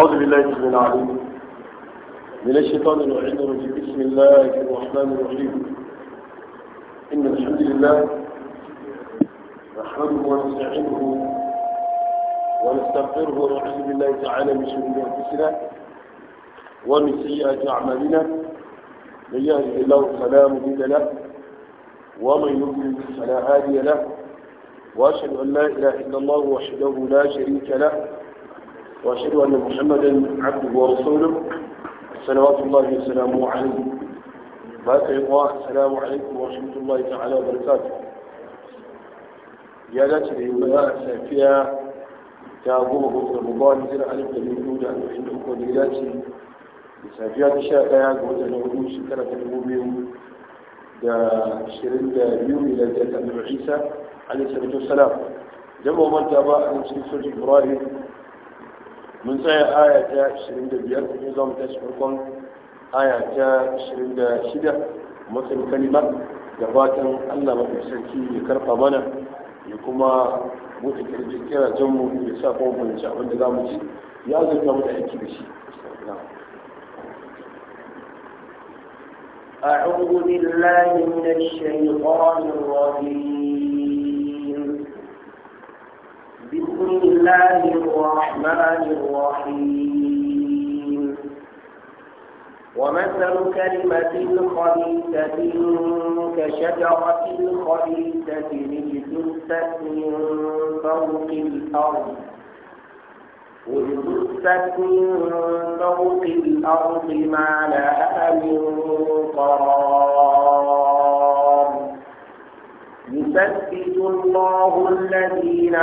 أعوذ بالله من العليم من الشيطان الرجيم بسم الله الرحمن الرحيم إن الحمد لله نحمده ونستعينه ونستغفره ونعوذ بالله تعالى من شرور أنفسنا ومن سيئات أعمالنا من يهده الله فلا مضل له ومن يضلل فلا هادي له وأشهد أن لا إله إلا الله وحده لا شريك له وأشهد أن محمدا عبده ورسوله صلوات الله وسلامه عليه بارك الله السلام عليكم ورحمة الله تعالى وبركاته يا ذات الهملاء السافية تابوه رمضان زر على الوجود أن يحبكم وليلاتي سافية الشافعية قلت أن وجود شكرة المؤمن da 22 miliyar الى annabi عبد alaihi عليه الصلاه والسلام mu manta ba a cikin sura mun tsaya aya ta 25 ne za mu tashi farkon aya ta 26 matsayin kalima da fatan allah mafi sarki ya karfa mana ya kuma buɗe kirji kira janmu ya sa kwamfani fahimci abin da za mu ci ya zurfa mu da aiki da shi أعوذ بالله من الشيطان الرجيم بسم الله الرحمن الرحيم ومثل كلمة خبيثة كشجرة خبيثة اجتثت من فوق الأرض اجتثت من فوق الأرض ما لها من قرار يثبت الله الذين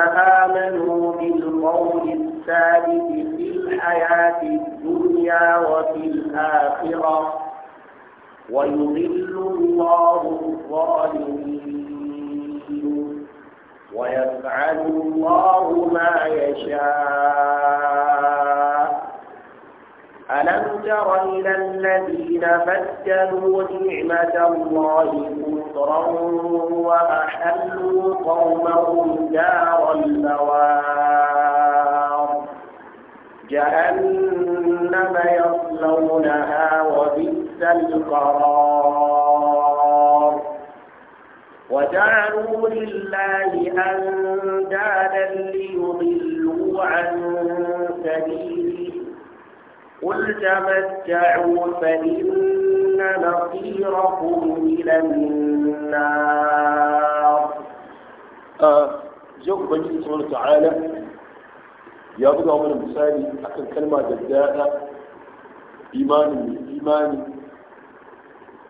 آمنوا بالقول الثابت في الحياة الدنيا وفي الآخرة ويضل الله الظالمين ويفعل الله ما يشاء تر إلى الذين بدلوا نعمة الله كفرا وأحلوا قومهم دار البوار جهنم يصلونها وبئس القرار وجعلوا لله أندادا ليضلوا عن سبيله قل تمتعوا فإن مصيركم إلى النار زوج آه، بني سبحانه وتعالى يا أبو عمر المسالي أكل كلمة جداء إيمان إيمان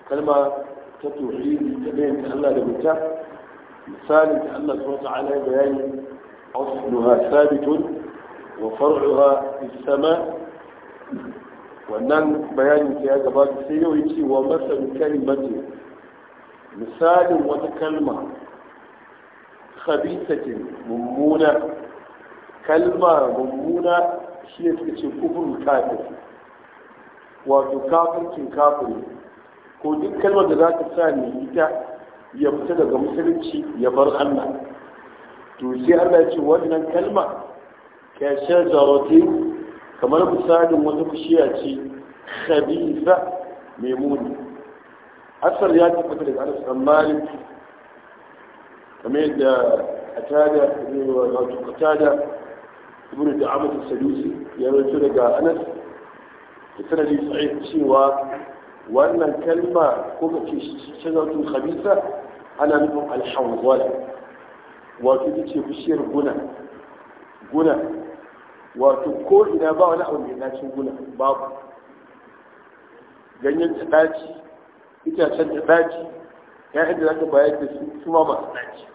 كلمة تتوحيد تبين الله لبتا مثال أن الله سبحانه وتعالى بيان أصلها ثابت وفرعها في السماء wannan bayanin ta ya gabata sai yau yace wa masal kalimati misalin wata kalma khabisatin mummuna kalma mummuna shi ne suka ce kufurul kafir wato kafircin kafiri ko duk kalmar da za ka sa ne ita ya fita daga musulunci ya bar Allah to sai Allah ya ce wannan kalma ka shajaratin kamar misalin wata bishiya ce khabisa mai muni asar ya tabbata daga anas dan malik kamar yadda atada wato tada, ibnu da amatu sadusi ya rawaito daga anas da sanadi sa'id cewa wannan kalma ko ka ce shajaratu khabisa ana nufin alhawwal wato ita ce bishiyar guna guna wato ko ina ba wani abu mai dacin gula babu ganyen ta daci itacen ta daci ya'yan da za ka bayar da su su ma masu daci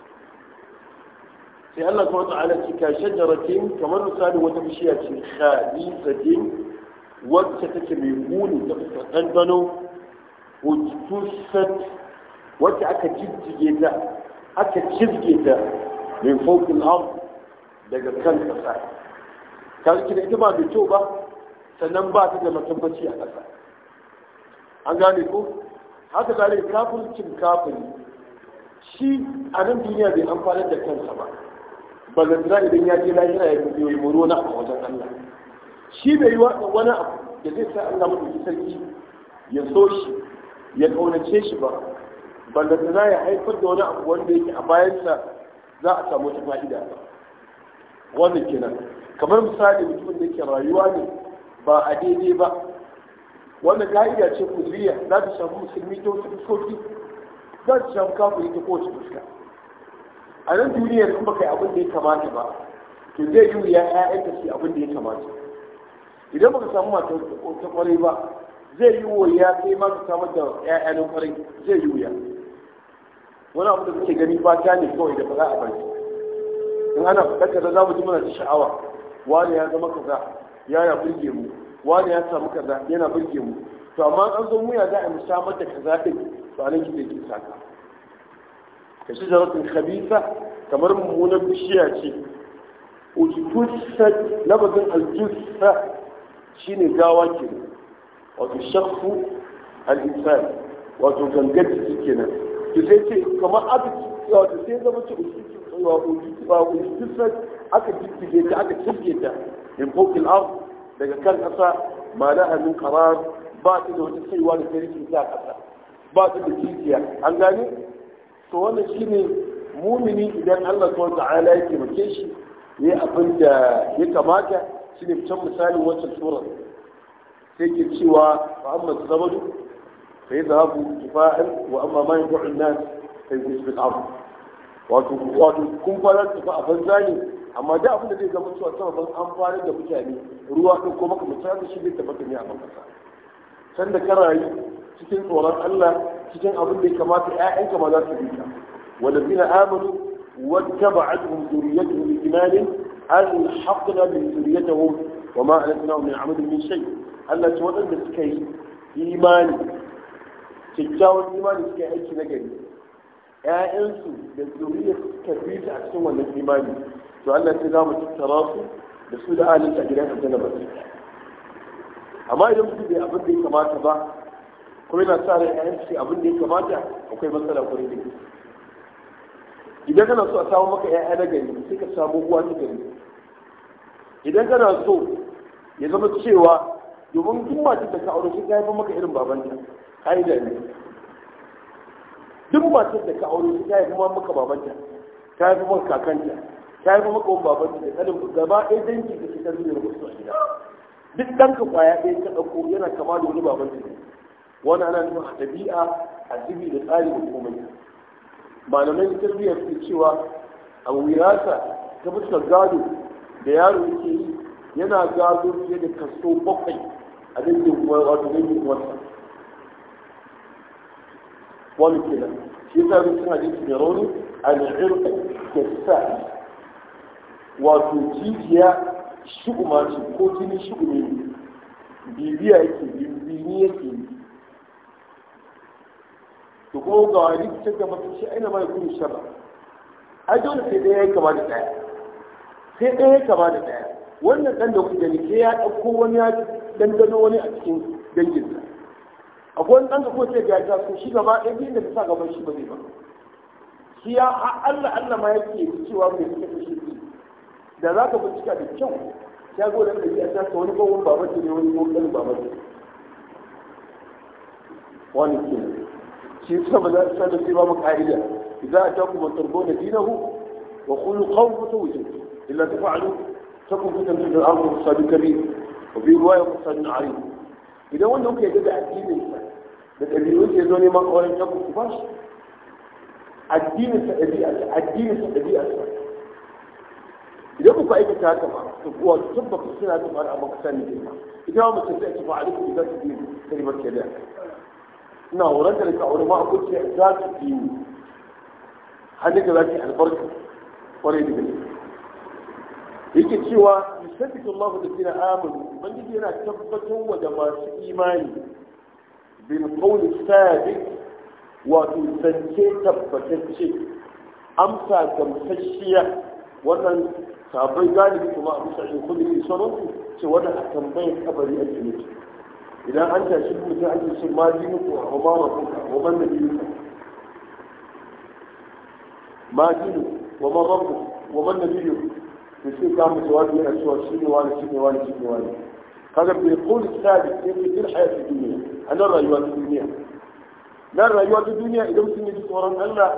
sai Allah kuma ta'ala ce ka shajaratin kamar misali wata bishiya ce khalisatin wacce take mai huni ta ɗanɗano wujtusat wacce aka jijjige ta aka cizge ta min fawqil ard daga kan kasa kaga da ita ba da kyau ba sannan ba ta da matabbaci a ƙasa an gane ko haka zare kafircin kafiri shi a nan duniya bai amfanar da kansa ba ba zanzira idan ya je lahira ya yi moro na a wajen Allah shi bai yi wani abu da zai sa Allah mutum sarki ya so shi ya kaunace shi ba ballantana ya haifar da wani abu wanda yake a bayansa za a samu wata fa'ida ba wannan kenan kamar misali mutumin da ke rayuwa ne ba a daidai ba wannan ka'ida ce kulliya za ta shafi musulmi ta wasu fuskoki za ta shafi kafin ta kowace fuska a nan duniya sun baka abin da ya kamata ba to zai yi wuya ƴaƴanka su abin da ya kamata idan baka samu mata ta kwarai ba zai yi wuya sai ma ka samar da ƴaƴa na kwarai zai yi wuya wani abu da suke gani ba ta ne kawai da ba za a bari in ana fadaka da za mu ji muna sha'awa wani ya zama kaza ya yana burge mu wani ya samu kaza yana burge mu to amma an zo muya za a mu samar da kaza din to anan kike ki saka ka shi jaratun khabisa kamar mummunan bishiya ce ujussat labazin aljussa shine gawa ke wato shakku al-insan wato gangar jiki kenan to sai ce kamar abu wato sai zama ce ujussat aka jijjige ta aka cibge ta in fawqil ard daga kan kasa ma laha min qarar ba ta da wata saiwa da tarihi ta kasa ba ta da jijiya an gane to wannan shine mumini idan Allah subhanahu ta'ala ya taimake shi ya abin da ya kamata shine can misali wancan sura sai ke cewa fa amma sabadu fa yadhabu kifa'an wa amma ma yad'u an-nas fa yusbiqu wato wato kun fara tafi a banza ne amma da abin da zai zama cewa sababin amfani da mutane ruwa ɗin ko ta mutane shi zai tabbata ne a bankasa sanda ka rayu cikin tsoron Allah cikin abin da ya kamata ƴaƴanka ma za su bi ka walazina amanu wattaba'atuhum dhurriyyatuhum bi imanin alhaqna bi dhurriyyatihim wa ma alatnahum min amalin min shay Allah ce waɗanda suka yi imani kyakkyawan imani suka yi aiki na gari ƴaƴansu da zuriyar suka bi ta a cikin wannan imani to Allah sai za mu tattara su da su da alin a gidan na ba amma idan mutum bai abin da ya kamata ba kuma yana sa rai ayan ce abin da ya kamata akwai matsala kwarai da idan kana so a samu maka ƴaƴa na gari sai ka samu uwa ta gari idan kana so ya zama cewa domin duk matar da ka aure sai ta haifar maka irin babanta ka'ida ne duk matar da ka aure sai ta haifar maka babanta ta haifar maka kakanta ta yi maka wani babanci da kanin gaba ɗaya dangi da shi ta zuwa wasu a gida duk ɗanka kwaya ɗaya ta ɗauko yana kama da wani babanci ne wani ana nuna a ɗabi'a a zubi da tsari da komai malamai ta zuwa su cewa a wirasa ta fuskar gado da yaro yake yi yana gado fiye da kaso bakwai a dangin wato dangin wasa wani kenan shi yasa mutum hadisi da rauni a al-irqa kasa wato jijiya shuguma ce ko jini shugumi ne bibiya yake bibini yake to ko ga wani cikin da mutum shi aina mai gudu shaba a dole sai ɗaya ya kama da ɗaya sai ɗaya ya kama da ɗaya wannan ɗan da ku gani sai ya ɗauko wani ya dandano wani a cikin danginsa akwai wani ɗan da kuma sai ga ya ko shi gaba ɗaya biyan da ta sa gaban shi ba zai ba shi ya Allah Allah ma yake cewa mai suka kashe shi da za ka bincika da kyau shago da mai iya ta wani bawon babaji ne wani bawon babaji wani ke shi sama za ta da sai ba mu ka'ida idza ataku man tarbuna dinahu wa khuluquhu mutawajjih illa taf'alu takun fitan fil ardi musadin kabir wa bi riwaya musadin arim idan wanda kuke ga da addinin sa da dabi'un ke zo neman auren taku ku ba shi addinin sa dabi'a addinin sa dabi'a idan ku aikata haka ba to kuwa tun ba ku suna ta fara amma ku sani ne ba ita ma mace sai ta fara ku biyu ta biyu kalimar shari'a ina horon da ka aure ma a kuce za ta biyu hannun da za su yi albarka kwarai da gani yake cewa yusabbitu Allahu alladhina amanu ubangiji yana tabbatar wa da masu imani bin qawli sabiq wato zance tabbatacce amsa gamsashiya wannan تابعي ذلك كما أبوسع يقول لي صنو سوالا حتى مضيك أبري أجلت إذا أنت سبب تعجل سمادينك وعمارك ومن نبيك ما دينك وما ربك ومن نبيك بسي كام سوال من أسوى سيني وانا سيني وانا سيني وانا هذا بيقول الثالث كيف في الحياة الدنيا أنا رأيوان الدنيا نرى أيها الدنيا إذا مسلمين في القرآن الله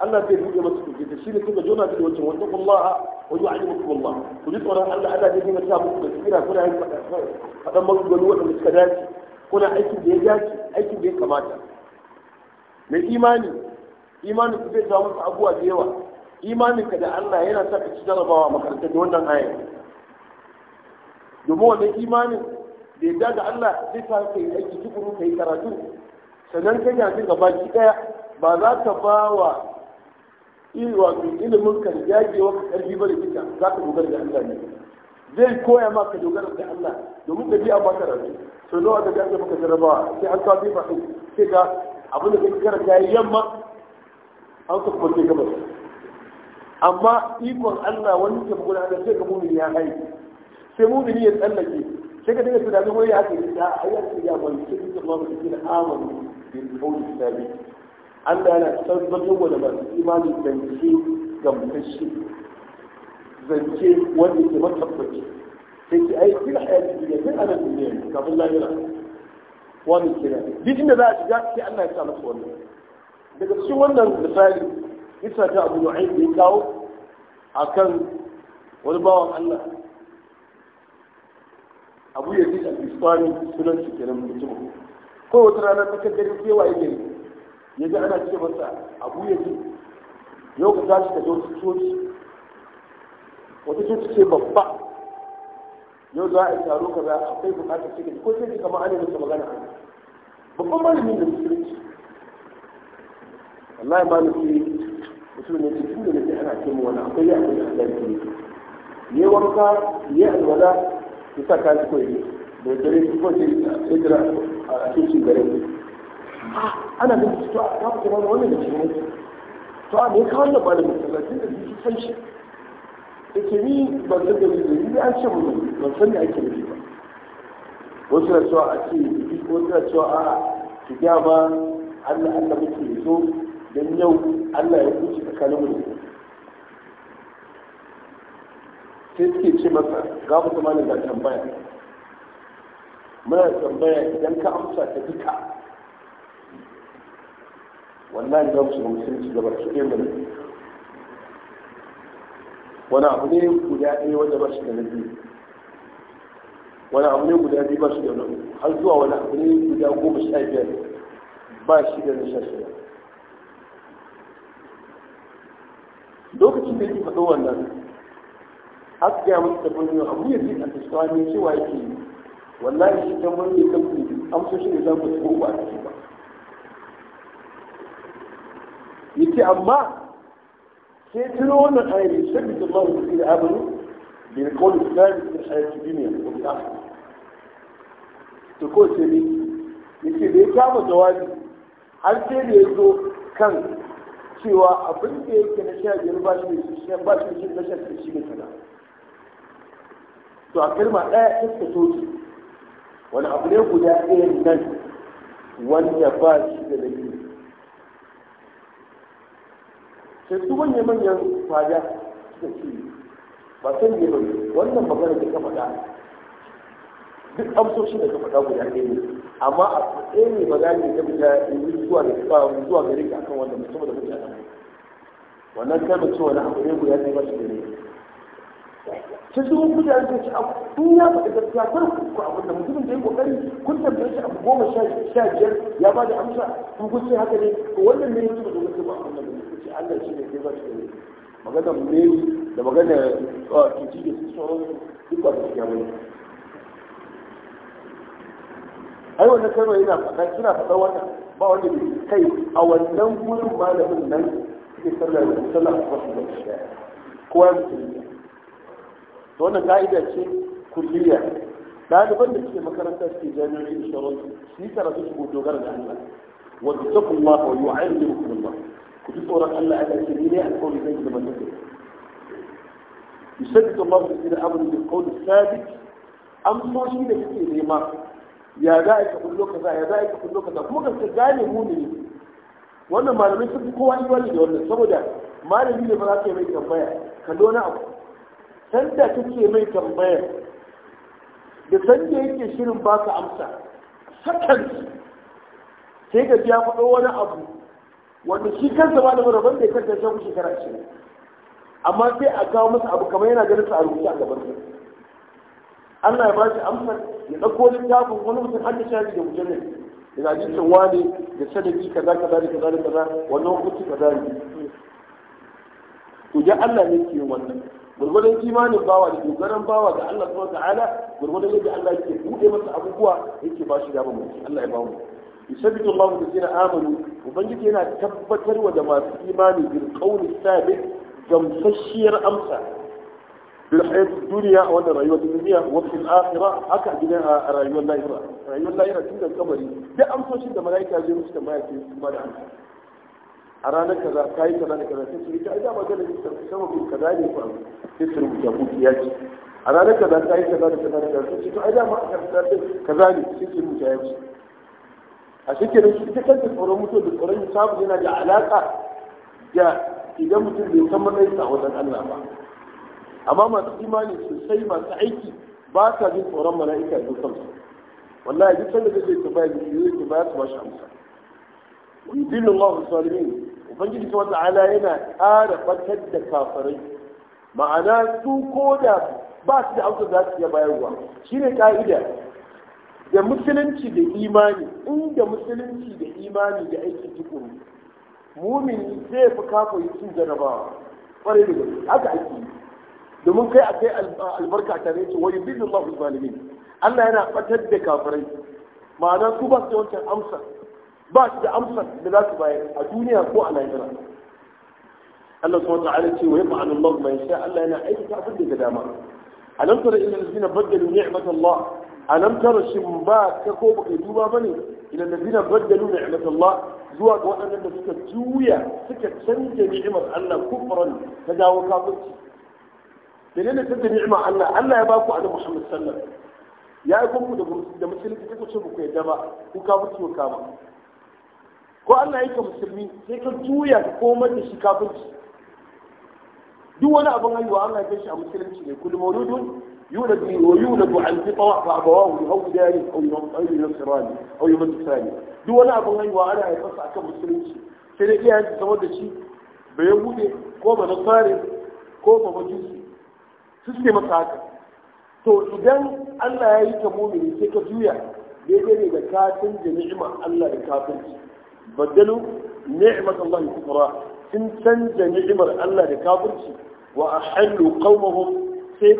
Allah zai buɗe masu kuje da shi ne kuka jona da wancan wanda kullaha wa yu'allimukum Allah ku ji tsoron Allah Allah zai dinga sa muku da tsira kuna yin fadan maganganu wanda suka dace kuna aikin da ya dace aikin da ya kamata na imani imani ku zai samu masa abubuwa da yawa imanin ka da Allah yana sa ka ci jarabawa a makarantar da wannan aya domin wannan imanin da ya da Allah zai sa ka yi aiki tukuru ka yi karatu sannan kai yanzu gaba ki daya ba za ka ba wa ili wato ilimin kan jagewa ka karfi bari kika za ka dogara da Allah ne zai koya ma ka dogara da Allah domin ka ji a baka rabi so nawa da gaske maka jarabawa sai an kawo bifa din sai ga abin da kake karanta yayi yamma an ka kuma sai gabas amma ikon Allah wani ke magana da sai ka mumini ya hai sai mumini ya tsallake sai ka dinga tunanin wani ya ake da ayyuka ya wani sai ka ma mutum amanu bil qawli sabit Allah yana tabbatar wa da masu imani zance ga mutashi zance wanda ke matabbaci sai ke ai fil hayati duniya sai ana duniya kafin lahira wani kira duk inda za a shiga sai Allah ya sa masa wannan daga cikin wannan misali isa ta abu nu'ayn da ya kawo akan wani bawan Allah abu ya ji al-islami sunan shi kenan mutum ko wata rana ta kaddare kewa yake ne ya ga ana ce masa abu ya ji yau ka tashi ka zo coci wata coci ce babba yau za a yi taro ka za a kai bukatar cikin ko sai kama ana masa magana babban malamin da musulunci wallahi malami mutum ne cikin da nake ana ce mu wani akwai ya akwai da ne ne wanka ne alwala ya sa kayan koyi da dare ko sai ya jira a cikin dare. Ah, ana da su a kafa kuma wannan da shi ne to a ne kawai da malamin talatin da su san shi da ke ni ba su da su yi an ce mun ban san da ake nufi ba wasu na cewa a ce wasu na cewa a ki ba, Allah Allah muke so don yau Allah ya kuce tsakaninmu da ku sai suke ce masa ga mutum malam da tambaya muna tambaya idan ka amsa ta duka wallahi za mu shiga musulunci gaba ki ɗaya mana wani abu ne guda ɗaya wanda ba shi da na biyu wani abu ne guda biyu ba shi da na uku har zuwa wani abu ne guda goma sha biyar ba shi da na sha shida lokacin da yake faɗo wannan har ga musu da yau abu ya fi a ne cewa yake wallahi shi tabbar ne kan amsa shi ne za ku ko ba a ciki ba yake amma sai tuno wannan ayyari sabbi da mawa da zai amuru da ya kawo da zai da shayar ta duniya ko ta to ko sai ne yake da ya kama jawabi har sai da ya zo kan cewa abin da yake na sha biyar ba shi ne shi ba shi ne ne shi ne shi ne sana to a kalma ɗaya iska soki wani abu ne guda ɗaya nan wanda ba shi da dalili sai su manya manyan faja suka ce ba san ne bane wannan magana da ka faɗa duk amsoshi da ka faɗa guda ɗaya ne amma a tsaye ne ba za ne ta fita yi zuwa da ba zuwa gari ka akan wannan musamman da mutane wannan kai mace wani abu ne guda ɗaya ba su gare ta zuwa mutane ta ci abu in ya faɗi gaskiya kar ku abin da mutumin da ya kokari kun tambaye shi abu goma sha biyar ya ba da amsa kun kun haka ne ko wannan ne ya zuba da wasu ba wannan shi Allah shi ne kai ba shi ne magana mai da magana cuci da su sauran duk ba su ya bane ai wannan kalma yana faɗa kina faɗa wannan ba wanda bai kai a wannan gurin malamin nan suke sallar da sallar a wasu da shi kowa ya mutu to wannan ka'ida ce kulliya ɗaliban da suke makaranta suke jami'o'i da sauransu su yi karatu su dogara da Allah wa taqullaha wa yu'allimukum Allah ku ji tsoron Allah a ce ne dai alƙawari zai da manzon sa yusaddiqu Allahu alladhina amanu bil da thabit amsoshi da kake nema ya za a yi kafin lokaci ya za a yi kafin lokaci kuma ka gane mu ne wannan malamai sun fi kowa iwani da wannan saboda malami ne ba za ka yi mai tambaya ka dona abu sanda kake mai tambaya da sanda yake shirin ba ka amsa sakan sai ka biya faɗo wani abu wanda shi kansa ba da marabar da ya kanta ya shafi shekara ashirin amma sai a kawo masa abu kamar yana ganin su a rubuce a gaban su Allah ya ba shi amsar ya ɗauko littafin wani mutum har da shafi da mujallar da hadisin wani da sadaki kaza kaza da kaza da kaza wannan hukunci kaza ne to ya Allah ne ke wannan gurgurdan imanin bawa da dogaran bawa ga Allah subhanahu wa ta'ala gurgurdan yadda Allah yake buɗe masa abubuwa yake ba shi dama mutum Allah ya ba mu yusabbitu Allahu allazina amanu ubangiji yana tabbatarwa da masu imani bil qawli sabit gamsasshiyar amsa bil hayati dunya wa da rayuwar duniya wa fil akhirah haka gidan a rayuwar lahira rayuwar lahira tun da kabari duk amsoshin da malaika zai musu tambaya sai su ba da amsa a ranar kaza ka yi kaza da kaza sai su rika ita magana da sarki sama bin kaza ne fa sai su rubuta mutu ya ce a ranar kaza ka yi kaza da kaza da kaza sai su rika ita magana da sarki kaza ne sai su rubuta ya ce a cikin da ita kanta tsoron mutu da tsoron hisabu yana da alaka da idan mutum bai san matsayinsa a wajen Allah ba amma masu imani sosai masu aiki ba sa jin tsoron mala'ika da su wallahi duk sanda da zai tambaya da yi zai tambaya su ba shi amsa yudillu Allah salimin ubangiji ta wata ala yana ƙara batar da kafirai ma'ana su ko da ba su da amsa za su iya bayarwa Shi ne ƙa'ida. da musulunci da imani inda musulunci da imani da aiki tukuru mumini zai fi kafa yi cin jarabawa kwarai da gaske haka ake yi domin kai a kai albarka tare ce wani bin Allah zalimin Allah yana batar da kafirai ma'ana su ba su yawancin amsa ba su da amsa da za su bayar a duniya ko a lahira Allah subhanahu wa ta'ala ce wa yafa'alu Allah ma yasha Allah yana aiki ta abin da dama A nan alam tara ila allazina badalu ni'mat Allah alam tara shin ba ka ko baka duba bane ila ladina baddalu na Allah zuwa ga waɗannan da suka juya suka canza ni'imar Allah kufran ta dawo kafirci na canza ni'imar Allah Allah ya baku annabi Muhammad sallallahu alaihi wasallam ya yi kunku da musulunci kuka ce ku yadda ba ku kafirci ku kama ko Allah ya ka musulmi sai ka juya ka komar da shi kafirci duk wani abin haihuwa an haife shi a musulunci ne kullum mauludun يولد ويولد عن فطرة فأبواه يهودانه أو أو ينصرانه أو يمجسانه دو أنا أبغى أيوة أنا أتصع كمسلم sai dai iyayen su samar da shi ba ya hude ko ba nasari ko ba majusi su suke to idan Allah ya yi ka mumini sai ka juya daidai ne da katin da ni'ima Allah da kafirci baddalu Allah canza ni'imar Allah da kafirci wa ahallu sai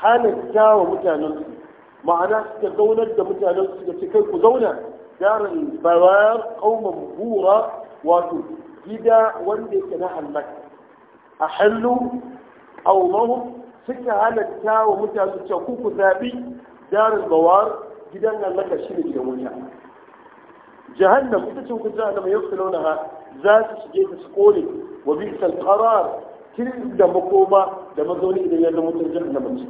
halatta wa ma'ana suka zaunar da mutanen suka ce ku zauna darin bayar kauman bura wato gida wanda yake na halak a hallu aumahum suka halatta wa mutane ce ku ku zabi darin bawar gidan halaka shi ne gidan wuta jahannam ita ce ku jahannam yau su za su shige ta su kone wa bi sal qarar da makoma da mazauni idan ya zama mutum jahannam ce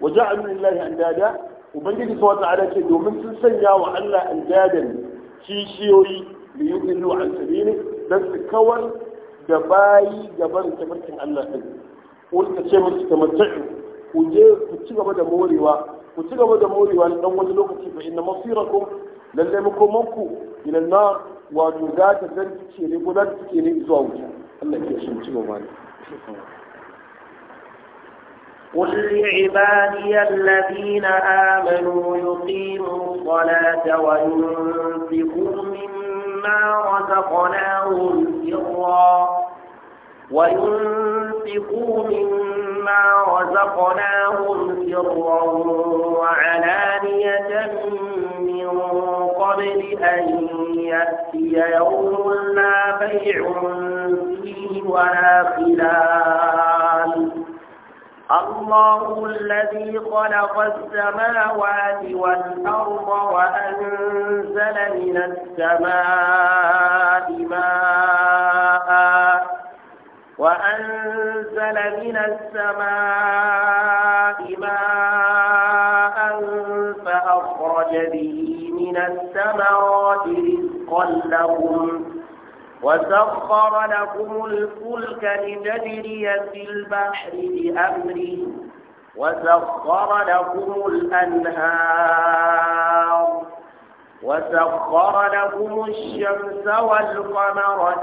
wa ja'alu lillahi andada ubangiji subhanahu wa ta'ala ce domin sun sanya wa Allah andadan kishiyoyi li yudillu an sabili dan su kawar da bayi gaban tabarkin Allah din wani ka ce musu kamar ta'i ku je ku ci gaba da morewa ku ci gaba da morewa dan wani lokaci fa inna masirakum lalle makomanku ila nar wato za ta zarce ne ko za zuwa wuta Allah ya shi ci gaba ne قل لعبادي الذين آمنوا يقيموا الصلاة وينفقوا مما رزقناهم سرا وينفقوا مما رزقناهم سرا وعلانية من قبل أن يأتي يوم لا بيع فيه ولا خلال الله الذي خلق السماوات والأرض وأنزل من السماء ماء وأنزل من السماء ماء فأخرج به من الثمرات رزقا لهم وسخر لكم الفلك لتجري في البحر بأمره وسخر لكم الأنهار وسخر لكم الشمس والقمر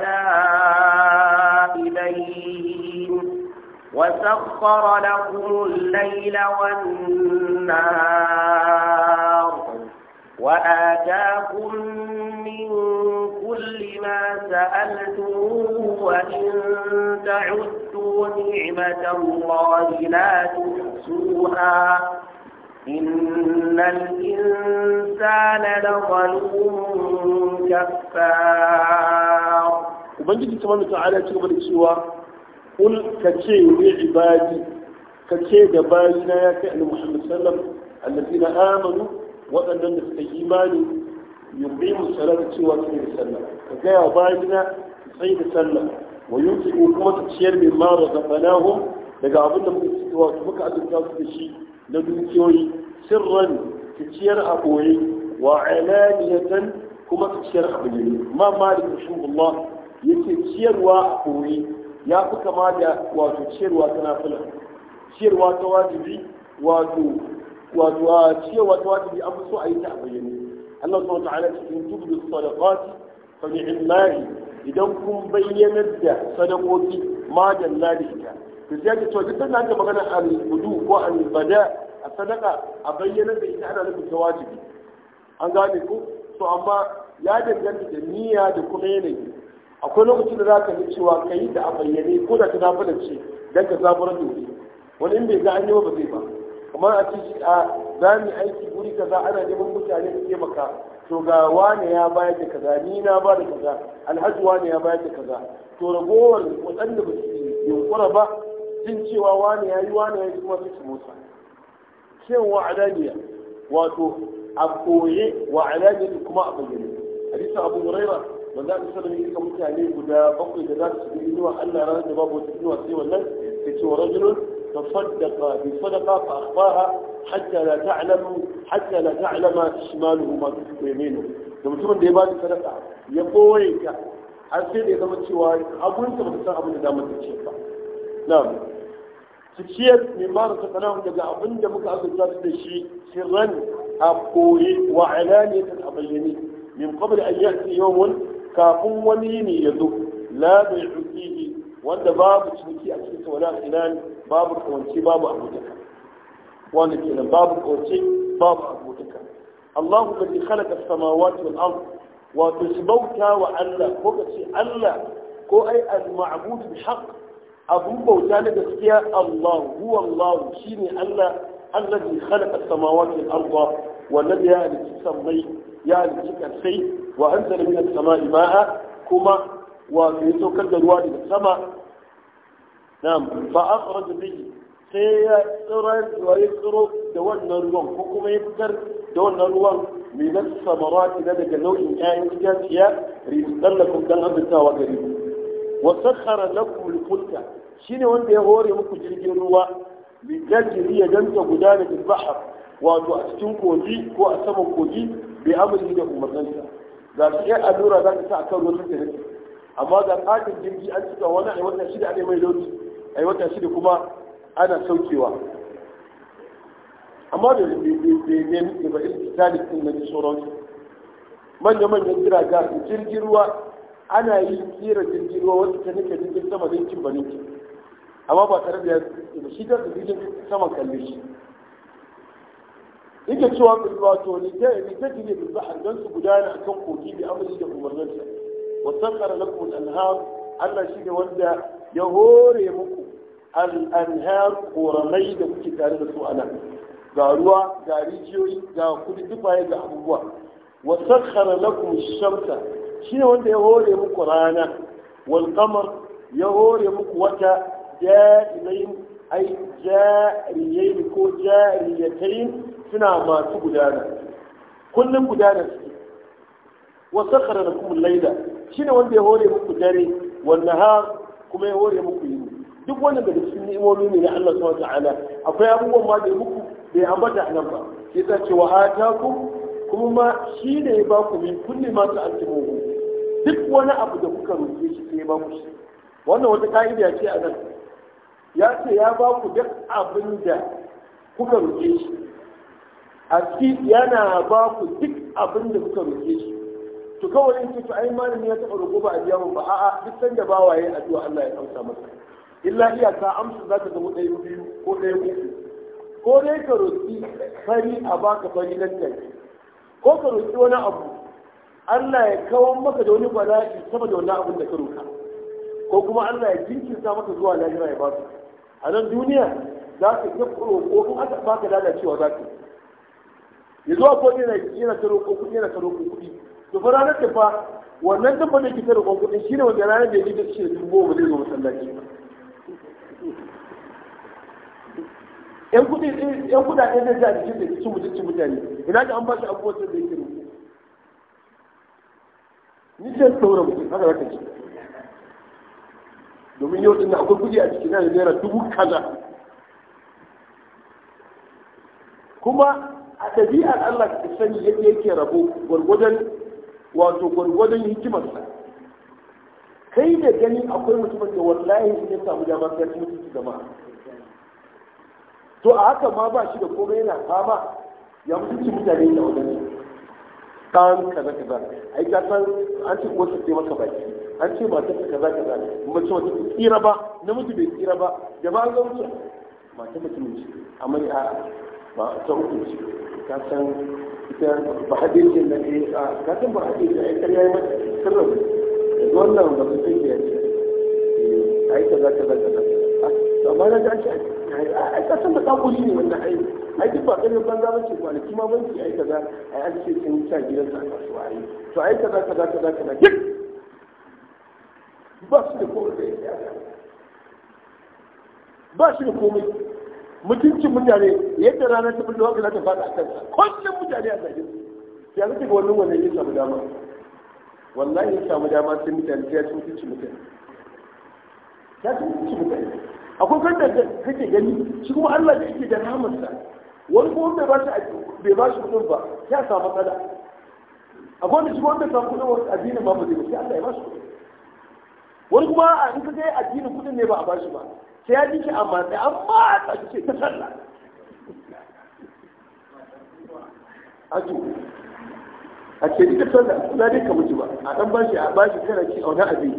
دائبين وسخر لكم الليل والنهار وآتاكم من كل ما سألتموه وإن تعدوا نعمة الله لا تحصوها إن الإنسان لظلوم كفار Ubangiji ta manuta ala ci gaba da cewa kul ka ce ni ibadi ka ce da bayina ya kai annabi Muhammad sallallahu alaihi wasallam allazina amanu waɗannan da suka yi imani yuqimu salata cewa su da sallah ka gaya wa bayina su sai da sallah wa yunfiqu kuma su ciyar ma razaqnahum daga abin da muka muka azurta su da shi na dukiyoyi sirran su ciyar a ɓoye wa alaniyatan kuma su ciyar a bayyane ma malik rahimahullah yace ciyarwa a ɓoye ya fi kama da wato ciyarwa ta nafila ciyarwa ta wajibi wato wato a cewa ta wajibi an so a yi ta a bayyane Allah subhanahu wa ta'ala cikin tubu sadaqat fa illahi idan kun bayyana da sadakoki ma da ita to sai ka cewa dukkan da magana al-budu ko al-bada a sadaka a bayyana da ita ana nufin ta wajibi an gane ku to amma ya danganta da niyya da kuma yanayi akwai lokacin da za ka yi cewa ka yi da a bayyane ko da ta da ce don ka zaburar da wani wani in bai ga an yi ba zai ba kamar a ce a za mu aiki guri kaza ana neman mutane su taimaka to ga wane ya bayar da kaza ni na ba da kaza alhaji wane ya bayar da kaza to ragowar waɗanda ba su yunkura ba jin cewa wane ya yi wane ya yi kuma su motsa shin wa'adaniya wato a koye wa wa'adaniya kuma a bayyane hadisin abu huraira manzo Allah sallallahu alaihi wasallam mutane guda bakwai da za su yi inuwa Allah ranar da babu wata inuwa sai wannan sai ce wa rajulun تصدق بصدقة فأخفاها حتى لا تعلم حتى لا تعلم شماله ما يمينه da mutumin da ya bada sadaka ya koye ka har sai da ya zama cewa abun ta bata san abin da damar ta ce ba na'am su ciyar mai mara ta daga abin da muka azurta su da shi sirran a koyi wa alaniyatan a bayyane min kafin wani ne ya zo la bai'u wanda babu ciniki a cikin sa wala babu kawance babu abutaka wanda kenan babu kawance babu abutaka Allahu ladhi khalaqa as-samawati wal ard wa tusbauta wa Allah ko kace Allah ko ai al-ma'bud bi haqq abun bauta na gaskiya Allah huwa Allah shine Allah alladhi khalaqa as-samawati wal ard wallazi ya halitta sammai ya halitta kasai wa anzala min as-sama'i ma'a kuma wa ya saukar da ruwa daga sama na'am fa akhraj bihi sai ya tsirar wa ya da wannan ruwan ko kuma ya fitar da wannan ruwan min as-samarati na daga nau'in ƴaƴan itaciya rizqan lakum dan abtawa gari wa sakhara lakum al-fulka shine wanda ya hore muku jirgin ruwa bi tajri ya danta gudana bil bahr wato a cikin kogi ko a saman kogi bi amri da umarninsa ga shi za ta amma ga katin jirgi an cika wani a wannan shida mai a yi wata shida kuma ana saukewa amma da ne ba irin titanic din nan sauransu manya-manyan jiraga jirgin ruwa ana yi kera jirgin ruwa wasu ta nika jirgin sama don cin baninki amma ba tare da ya shi da jirgin sama kalle shi yake cewa bin wato ni ta ni ta jire bin bahar don su gudana a kan kogi da amri da umarninsa wasan kara lakum al-anhar Allah shi ne wanda ya hore muku al'anhar koramai da kuke tare da su a nan ga ruwa ga rijiyoyi ga kudi tufaye ga abubuwa wa sakhara lakum shamsa shine wanda ya hore muku rana wal qamar ya hore muku wata da'imain ai jariyain ko jariyatain suna masu gudana kullum gudana suke wa sakhara lakum al-laila shine wanda ya hore muku dare wan nahar kuma ya hore muku yi duk wani daga cikin ni'imomi ne na Allah subhanahu ta'ala akwai abubuwan ma da ya muku ya ambata a nan ba ce wa hata ku? kuma ma shi ne ya baku min kulli ma ta antumu duk wani abu da kuka roƙe shi sai ya baku shi wannan wata ka'ida ce a nan ya ce ya baku duk abin da kuka roƙe shi a ciki yana baku duk abin da kuka roƙe shi to kawai in ce to ai malami ya taɓa roƙo ba a biya mun ba a'a duk sanda ba waye addu'a Allah ya amsa masa illa iya ka amsa zaka zama ɗaya biyu ko ɗaya uku ko dai ka roƙi fari a baka fari nan take ko ka roƙi wani abu Allah ya kawo maka da wani bala'i sama da wani abin da ka roƙa ko kuma Allah ya jinkirta maka zuwa lahira ya ba su a nan duniya za ka yi roƙo in aka baka lalacewa za ka yi yanzu a ko yana ta roƙo kuɗi yana ta roƙo kuɗi to fa ranar da fa wannan dabba da kitar da kuɗin shi ne wanda ranar da yake da shi dubu goma zai zo masallaci yan kudi yan kudaden da za cikin da cikin mutuncin mutane ina da an ba shi abubuwan da yake rubutu ni sai sauran mutum haka zaka ce domin yau din akwai kudi a cikin nan naira dubu kaza kuma a ɗabi'ar Allah ka sani yadda yake rabo gwargwadon wato gwargwadon sa kai da gani akwai mutumin da wallahi in ya samu damar sai mutunci ma to a haka ma ba shi da komai yana fama ya mutunci mutane da wajen kan kaza kaza ai ka san an ce wasu ce maka baki an ce ba ta kaza kaza mace wata tsira ba namiji bai tsira ba jama'a zan ce mata mutumin ce amma ya ba ta uku ka san ita ba hadisin da ke a kasan ba hadisin ai karya ya mata sirrin wannan ba su sun eh, a yi kaza kaza kaza amma na a kasan da kakuli ne wannan ba banza ba ce kwanaki ma banki kaza sun sa a kasuwa ai to ai kaza kaza kaza kaza ba su da komai da ya ba shi da komai mutuncin mutane yadda rana ta fito za ta fada a kansa kullum mutane a sajin su ya zai ga wannan wannan ya samu dama wallahi ya samu dama sai mutane ya yi mutunci mutane ya yi mutunci mutane akwai kanta da kake gani shi kuma Allah da yake da rahamarsa wani kuma bai ba shi bai ba shi kudin ba ya samu matsala akwai wanda shi wanda samu kudin wasu addinin ba mu zai sai Allah ya ba shi wani kuma a in ka ga addinin kudin ne ba a ba shi ba sai ya ji shi a matsayi amma a tsaki ce ta sallah ato a ce duka da suna dai ka mutu ba a ba bashi a bashi kana ci auna abi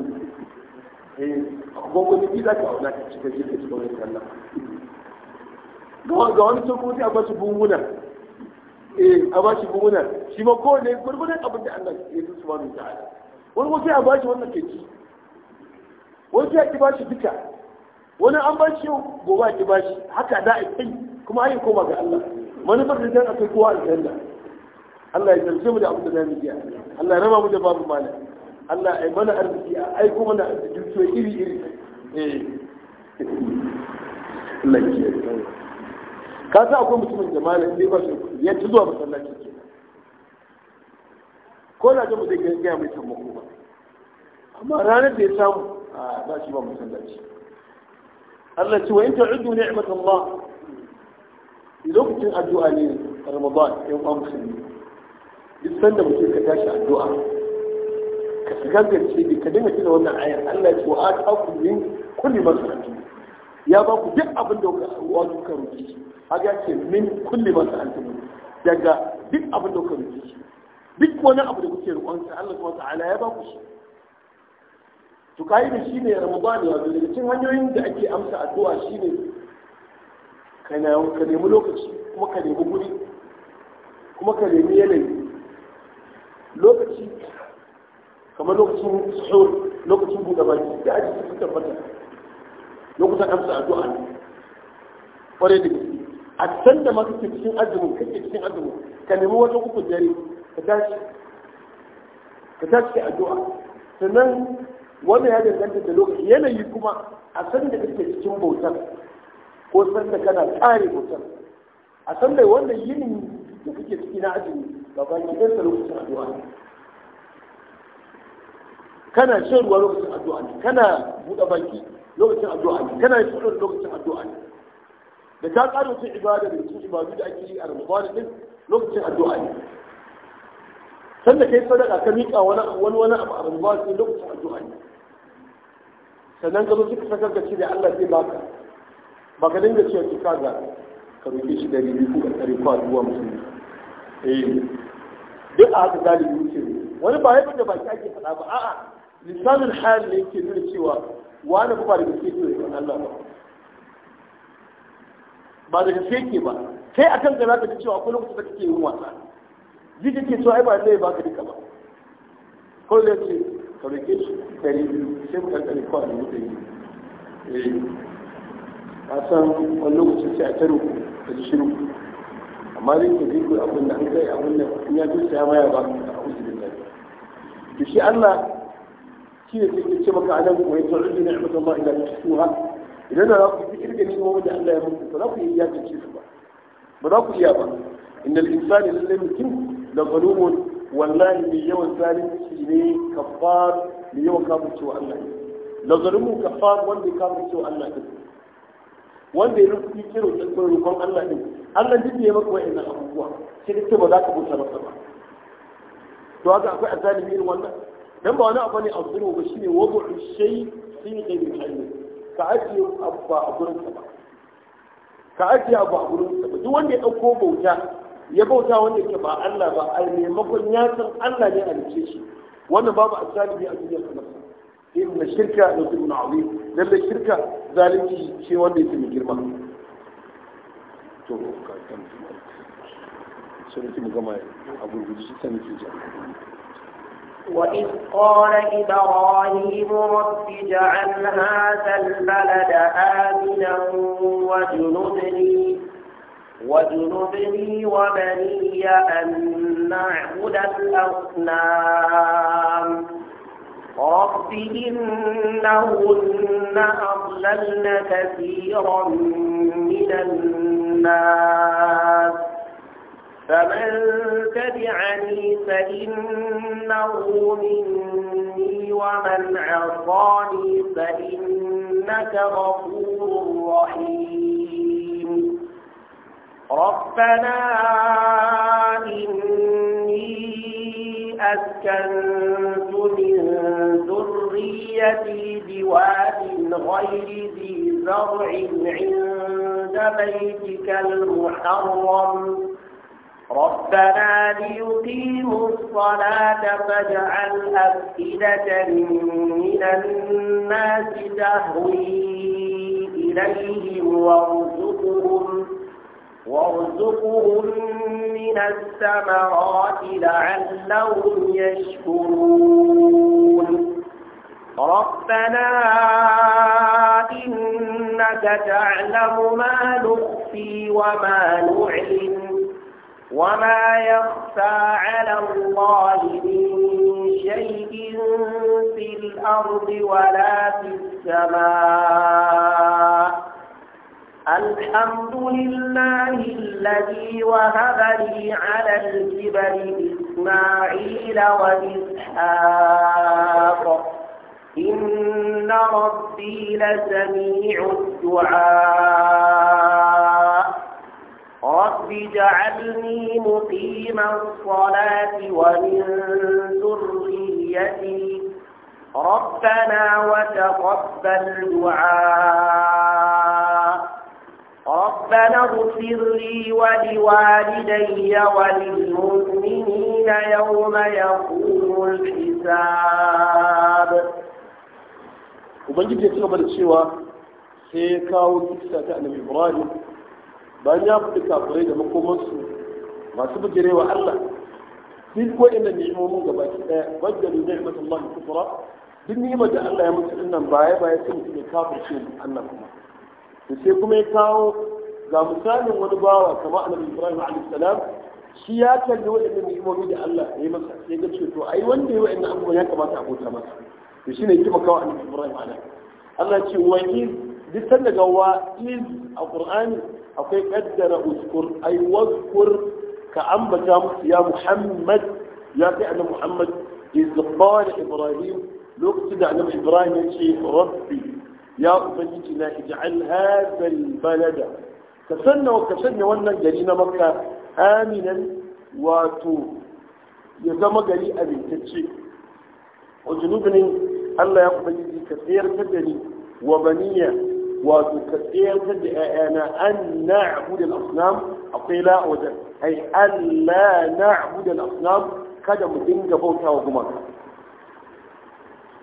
eh A ko ni za ka auna ka ci ka ji ka ci ba sallah ga wani to ko a shi bunguna eh a shi bunguna shi ma kowane ne gurgurdan abin da Allah ya yi su wani ta'ala wani ko sai a bashi wannan ke ci wani sai a ki bashi duka wani an bashi yau gobe a ki bashi haka da a yi kuma ai koma ga Allah mani da dan akai kowa a aljanna Allah ya tarje mu da abin da zamu yi Allah ya raba mu da babu mali. Allah ai mana arziki ai kuma da arziki to iri iri eh Allah ya ka sa akwai mutumin da mali sai ba shi ya ci zuwa masallaci Ko ko da mu zai gaskiya mai taimako ba amma ranar da ya samu a ba shi ba masallaci Allah ce wa in ta'uddu ni'matallah lokacin addu'a ne ramadan yan uwan musulmi duk sanda mutum ka tashi addu'a ka shiga gaske ka dinga tuna wannan ayar Allah ya ce wa ataku min kulli masalati ya ba ku duk abin da kuka wato ka roki haka ce min kulli masalati daga duk abin da kuka roki duk wani abu da kuke roƙon sa Allah subhanahu ta'ala ya ba ku shi to kai da shine Ramadan ya zo daga cikin hanyoyin da ake amsa addu'a shine ka nemi lokaci kuma ka nemi guri kuma ka nemi yanayi lokaci kamar lokacin suhur lokacin buɗe baki da ake cikin tabbata lokutan amsa addu'a ne ƙwarai da gaske a can da masu ke cikin azumin kake cikin azumin ka nemi wajen uku dare ka tashi ka tashi a addu'a sannan wannan ya danganta da lokaci yanayi kuma a san da kake cikin bautar ko sanda kana tsare hoton a san da wannan yinin da kake ciki na ba ba gidan ɗansa lokacin addu'a kana shan ruwa lokacin addu'a ne kana buɗe baki lokacin addu'a ne kana yin tsoron lokacin addu'a ne da ta ƙara mutum ibada da cikin ibadu da ake yi a ramadan din lokacin addu'a ne sanda kai sadaka ka miƙa wani wani wani abu a ramadan lokacin addu'a ne sannan ka zo suka sakar da shi da Allah zai baka ba ka dinga cewa ki kaga ka roƙe shi dari biyu ko ɗari ko aduwa musu. eh duk a haka galibi ne wani ba yadda da baki ake faɗa ba a'a lisanin hayar ne yake nuna cewa wani ba da gaske ke da Allah ba ba da gaske ke ba kai akan ka zaka ji cewa akwai lokacin da kake yin wasa ji kake so ai ba zai baka duka ba ko da ce ka roƙe shi ɗari biyu sai mu ɗan ɗari ko aduwa eh ka san wani lokacin sai a ta ruku ka ji shiru amma zai ka ji ku abin da an kai a wannan, in ya tusa ya maya ba a uzu da to shi Allah shi ne sai ce maka anan wa yato uzu ne amma Allah ila tusuha idan da za ku fi irga ni da Allah ya muku ba za ku iya ta ci su ba ba za ku iya ba innal insani lillahi mutum la zalumun wallahi mai yawan zalunci ne kafar mai yawan kafin cewa Allah ne la zalumu kafar wanda ya kafin cewa Allah ne wanda ya rufi kiro da kuma roƙon Allah din Allah ne ya maka wa'annan abubuwa sai duk ba za ka buta masa ba to haka akwai azalimi irin wannan dan ba wani abu ne azuru ba shine wabu shay fi ghayri hayy ka ajiye abba a gurin ka ba ka ajiye abba a gurin ka ba duk wanda ya dauko bauta ya bauta wanda ke ba Allah ba a maimakon ya san Allah ne a rike shi wannan babu azalimi a duniyar kamar إن الشركة نظلم عظيم لأن الشركة ذلك شيء وليس من جرمه توقع كم في الأرض سنة مجمع أبو الجديد سنة في الجنة وإذ قال إبراهيم رب جعل هذا البلد آمنا واجنبني واجنبني وبني أن نعبد الأصنام رب إنهن أضللن كثيرا من الناس فمن تبعني فإنه مني ومن عصاني فإنك غفور رحيم ربنا إني أسكنت من ذريتي بواد غير ذي زرع عند بيتك المحرم ربنا ليقيموا الصلاة فاجعل أفئدة من الناس تهوي إليهم وارزقهم وارزقهم من الثمرات لعلهم يشكرون ربنا إنك تعلم ما نخفي وما نعلم وما يخفى على الله من شيء في الأرض ولا في السماء الحمد لله الذي وهب لي على الجبل إسماعيل وإسحاق إن ربي لسميع الدعاء رب اجعلني مقيم الصلاة ومن ذريتي ربنا وتقبل دعاء ربنا اغفر لي ولوالدي وللمؤمنين يوم يقوم الحساب ubangiji ya ci gaba da cewa sai ya kawo kisa ta annabi ibrahim bayan ya buɗe kafirai da makomansu masu wa allah duk wa'in da ni'imomin gaba ki daya bajjalu ni'matullahi kubra duk ni'imar da allah ya mutu dinnan baya baya sai mutum ya kafirce allah kuma to sai kuma ya kawo ga misalin wani bawa kamar annabi ibrahim alaihi shi ya kalli waɗannan ni'imomi da Allah ya yi masa sai ga ce to ai wanda ya waɗannan abubuwan ya kamata a bauta masa to shine kima kawo annabi ibrahim alaihi Allah ce wa iz duk sanda ga wa iz a qur'ani akwai kaddara uskur ai ka ambata musu ya muhammad ya kai annabi muhammad iz ibrahim lokacin da annabi ibrahim ya ce rabbi ya ubangiji na ij'al hadha balada ka sanna ka sanya wannan gari na makka aminan wato ya zama gari amintacce ujnubni Allah ya ubangiji ka tsayar da gari wa baniya wato ka tsayar da ƴaƴana an na'budu al-asnam akwai la wajen ai Allah na'budu al-asnam kada mu dinga bautawa gumaka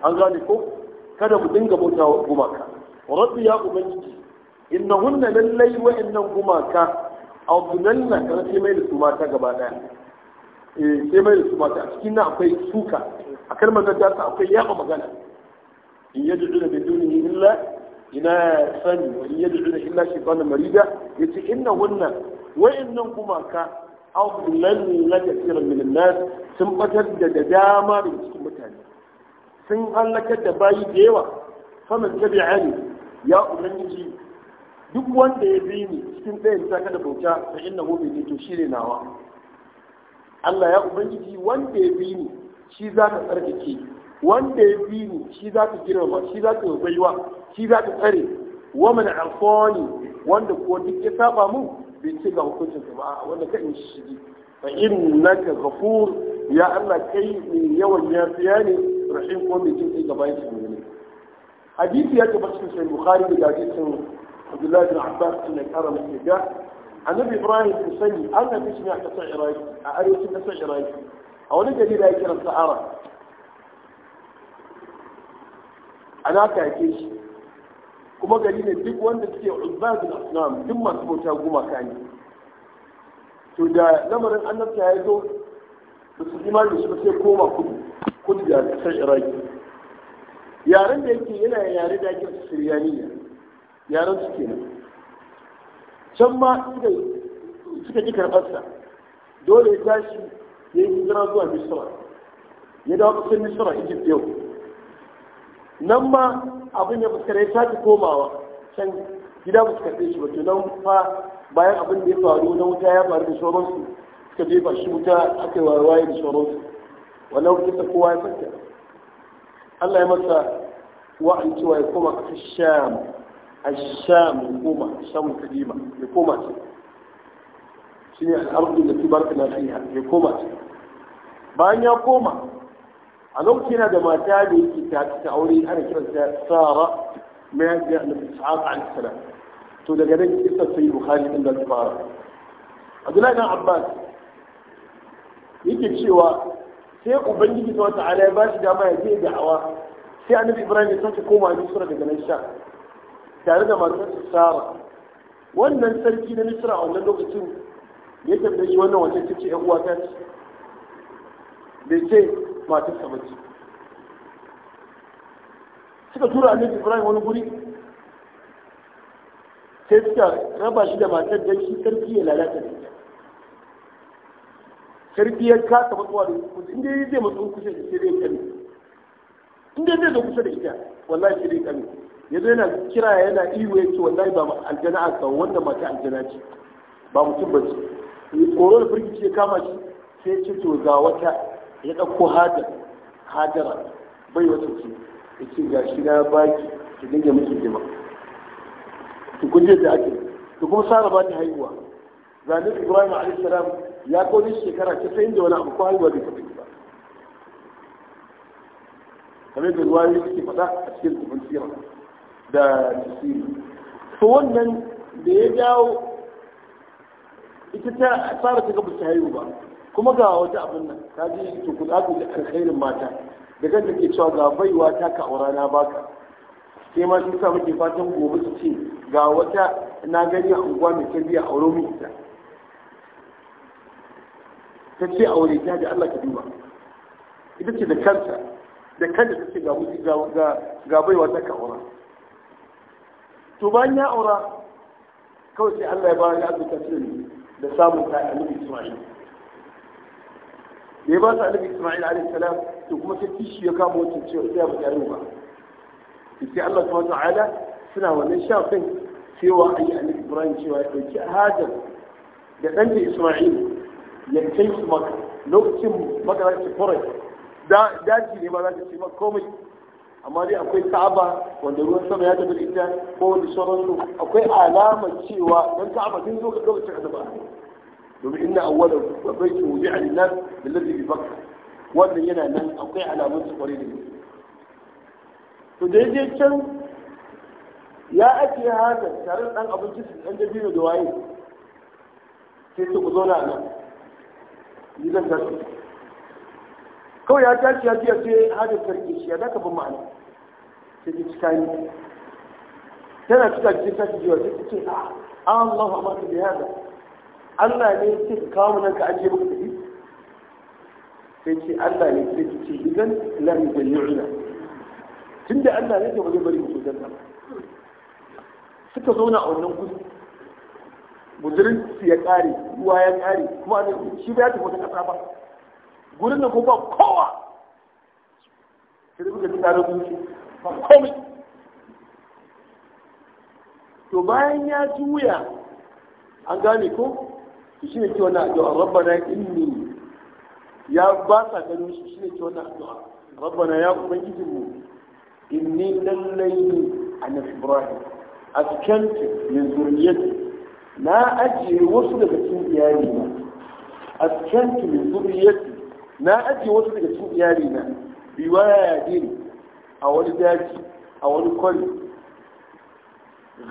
an gane ko kada mu dinga bauta wa gumaka rabbi ya ubangiji innahunna lallai wa'annan gumaka abdullanna kana sai mai su mata gaba daya eh sai mai da su mata a cikin nan akwai suka a kalmar da ta akwai yaƙa magana in yadda da bin duniya illa ina sani wa in yadda da illa shi bana marida yace innahunna wa'annan gumaka abdullanna kafiran min nas sun batar da dama da cikin mutane sun halakar da bayi da yawa faman tabi'ani ya ubangiji duk wanda ya bi ni cikin tsayin taka da bauta inna innahu bi to shine nawa Allah ya ubangiji wanda ya bi ni shi zaka tsarkake wanda ya bi ni shi zaka girma shi zaka baiwa shi zaka tsare wa man afani wanda ko duk ya saba mu bai ci ga hukuncin ba wanda ka in shi fa innaka ghafur ya Allah kai ne yawan yafiya ne rahim ko mai jin kai gaba yake ne hadisi ya gaba cikin sai bukhari da hadisin abdullahi bin abbas sun ya kara masa ga annabi ibrahim bin sani an na fishi a kasar iraki a arewacin kasar iraki a wani gari da ya kira sa'ara ana kake shi kuma gari ne duk wanda suke uzba bin asnam duk masu bauta gumaka ne to da lamarin annabta ya zo da su imani su sai koma kudu kudga kasar iraki yaren da yake yana yare da ake siriyaniya yaren su kenan can ma suka suka ji karɓarsa dole ya tashi ya yi hijira zuwa misira ya dawo kusan misira egypt yau nan ma abin ya fuskara ya sake komawa can gida ba su karɓe shi ba nan fa bayan abin da ya faru na wuta ya faru da sauransu suka jefa shi wuta aka yi waye da sauransu wannan kusa kowa ya fata Allah ya masa wa'an cewa ya koma a sham a sham ya koma sham kadima ya koma ce shi ne al'arzu da barka na fiya ya koma ce bayan ya koma a lokacin yana da mata da yake ta ta aure ana kiranta sara mai yadda annabi sa'ad alaihi salam to daga nan kisa sai bukhari din da fara abdullahi ibn abbas yake cewa sai ubangiji ta wata ala ya ba shi dama ya je da'awa sai annabi ibrahim ya sake koma a misra daga nan sha tare da su sara wannan sarki na misra a wannan lokacin ya tambaye shi wannan wace ta ce yan uwa ta ce bai ce matarsa ba ce suka tura annabi ibrahim wani guri sai suka raba shi da matar don shi sarki ya lalata da ita sarki ya kasa matsuwa da kusa inda zai matsu kusa da sai dai kami inda zai zo kusa da ita wallahi sai dai kami yanzu yana kira yana iwo ya ce wallahi ba aljana a kawo wannan mata aljana ce ba mutum ba ce tsoro da firgici ya kama shi sai ce to ga wata ya ɗauko hajar hajara bai wata ce ya ce ga shi na baki ki dinga miki jima ki kuje da ake ki kuma sara ba ta haihuwa zalin ibrahim alaihi salam ya kawo shekara ta, casa'in da wani abu ko haihuwa bai taɓa yi ba kame da ruwa suke faɗa a cikin tufin siya da nisiri to wannan da ya jawo ita ta fara ta gabata ta haihu ba kuma ga wata abin nan ta ji tukun ku da ji alkhairin mata da kan ke cewa ga baiwa ta ka aura na baka sai ma shi sa muke fatan gobe su ce ga wata na gani a unguwa mai tarbiya aure mu ita ta ce a wani ta Allah ka duba ita ce da kanta da kanta ta ce ga mutu ga baiwa ta ka aura to bayan ya aura kawai sai Allah ya ba ya azuta su da samun ta annabi Isma'il da ya ba su annabi Isma'il alaihi salam to kuma sai kishi ya kama wancan cewa sai ba ta ba sai Allah subhanahu wa ta'ala suna wannan shafin cewa ayi annabi Ibrahim cewa ya dauki Hajar da ɗanta Isma'il ya kai su maka lokacin maka za ci forai daji ne ba za ka ci maka komai amma dai akwai ta'aba wanda ruwan sama ya tafi ita ko wanda sauransu akwai alama cewa dan ta'aba din zo ka lokacin annaba domin inna awwala baiti wudi'a lin-nas alladhi bi bakka wannan yana nan akwai alamun su kwarai da gaske to da yaje can ya ake haka tare da dan abinci su dan dabino da waye sai su ku zauna nan ni zan tashi kawai ya tashi ya jiya sai hajji sarki shi ya zaka bin ma'ana sai ki cika ni tana cika ki ta ci jiwa sai ki ce a ah, Allahu amaka bi hada Allah ne ya ce kawo nan ka ajiye maka kudi sai ce Allah ne sai ki ce idan la yujalli'una tunda Allah ne ke wajen bari mu cutar suka zauna a wannan kudi buzurin ya ƙare ruwa ya ƙare kuma shi ba ya tafi wata ƙasa ba gurin da kuma kowa sai kuka ji tare da shi ba komai to bayan ya juya an gane ko shi ne ke wannan addu'a rabbana inni ya ba sa gano shi shi ne ke wannan addu'a rabbana ya ubangiji mu inni lallai ne a nafi ibrahim askantu min yadda. na ajiye wasu daga cikin iyali na askantu min zuriyati na ajiye wasu daga cikin iyali na biwaya din a wani daji a wani kwari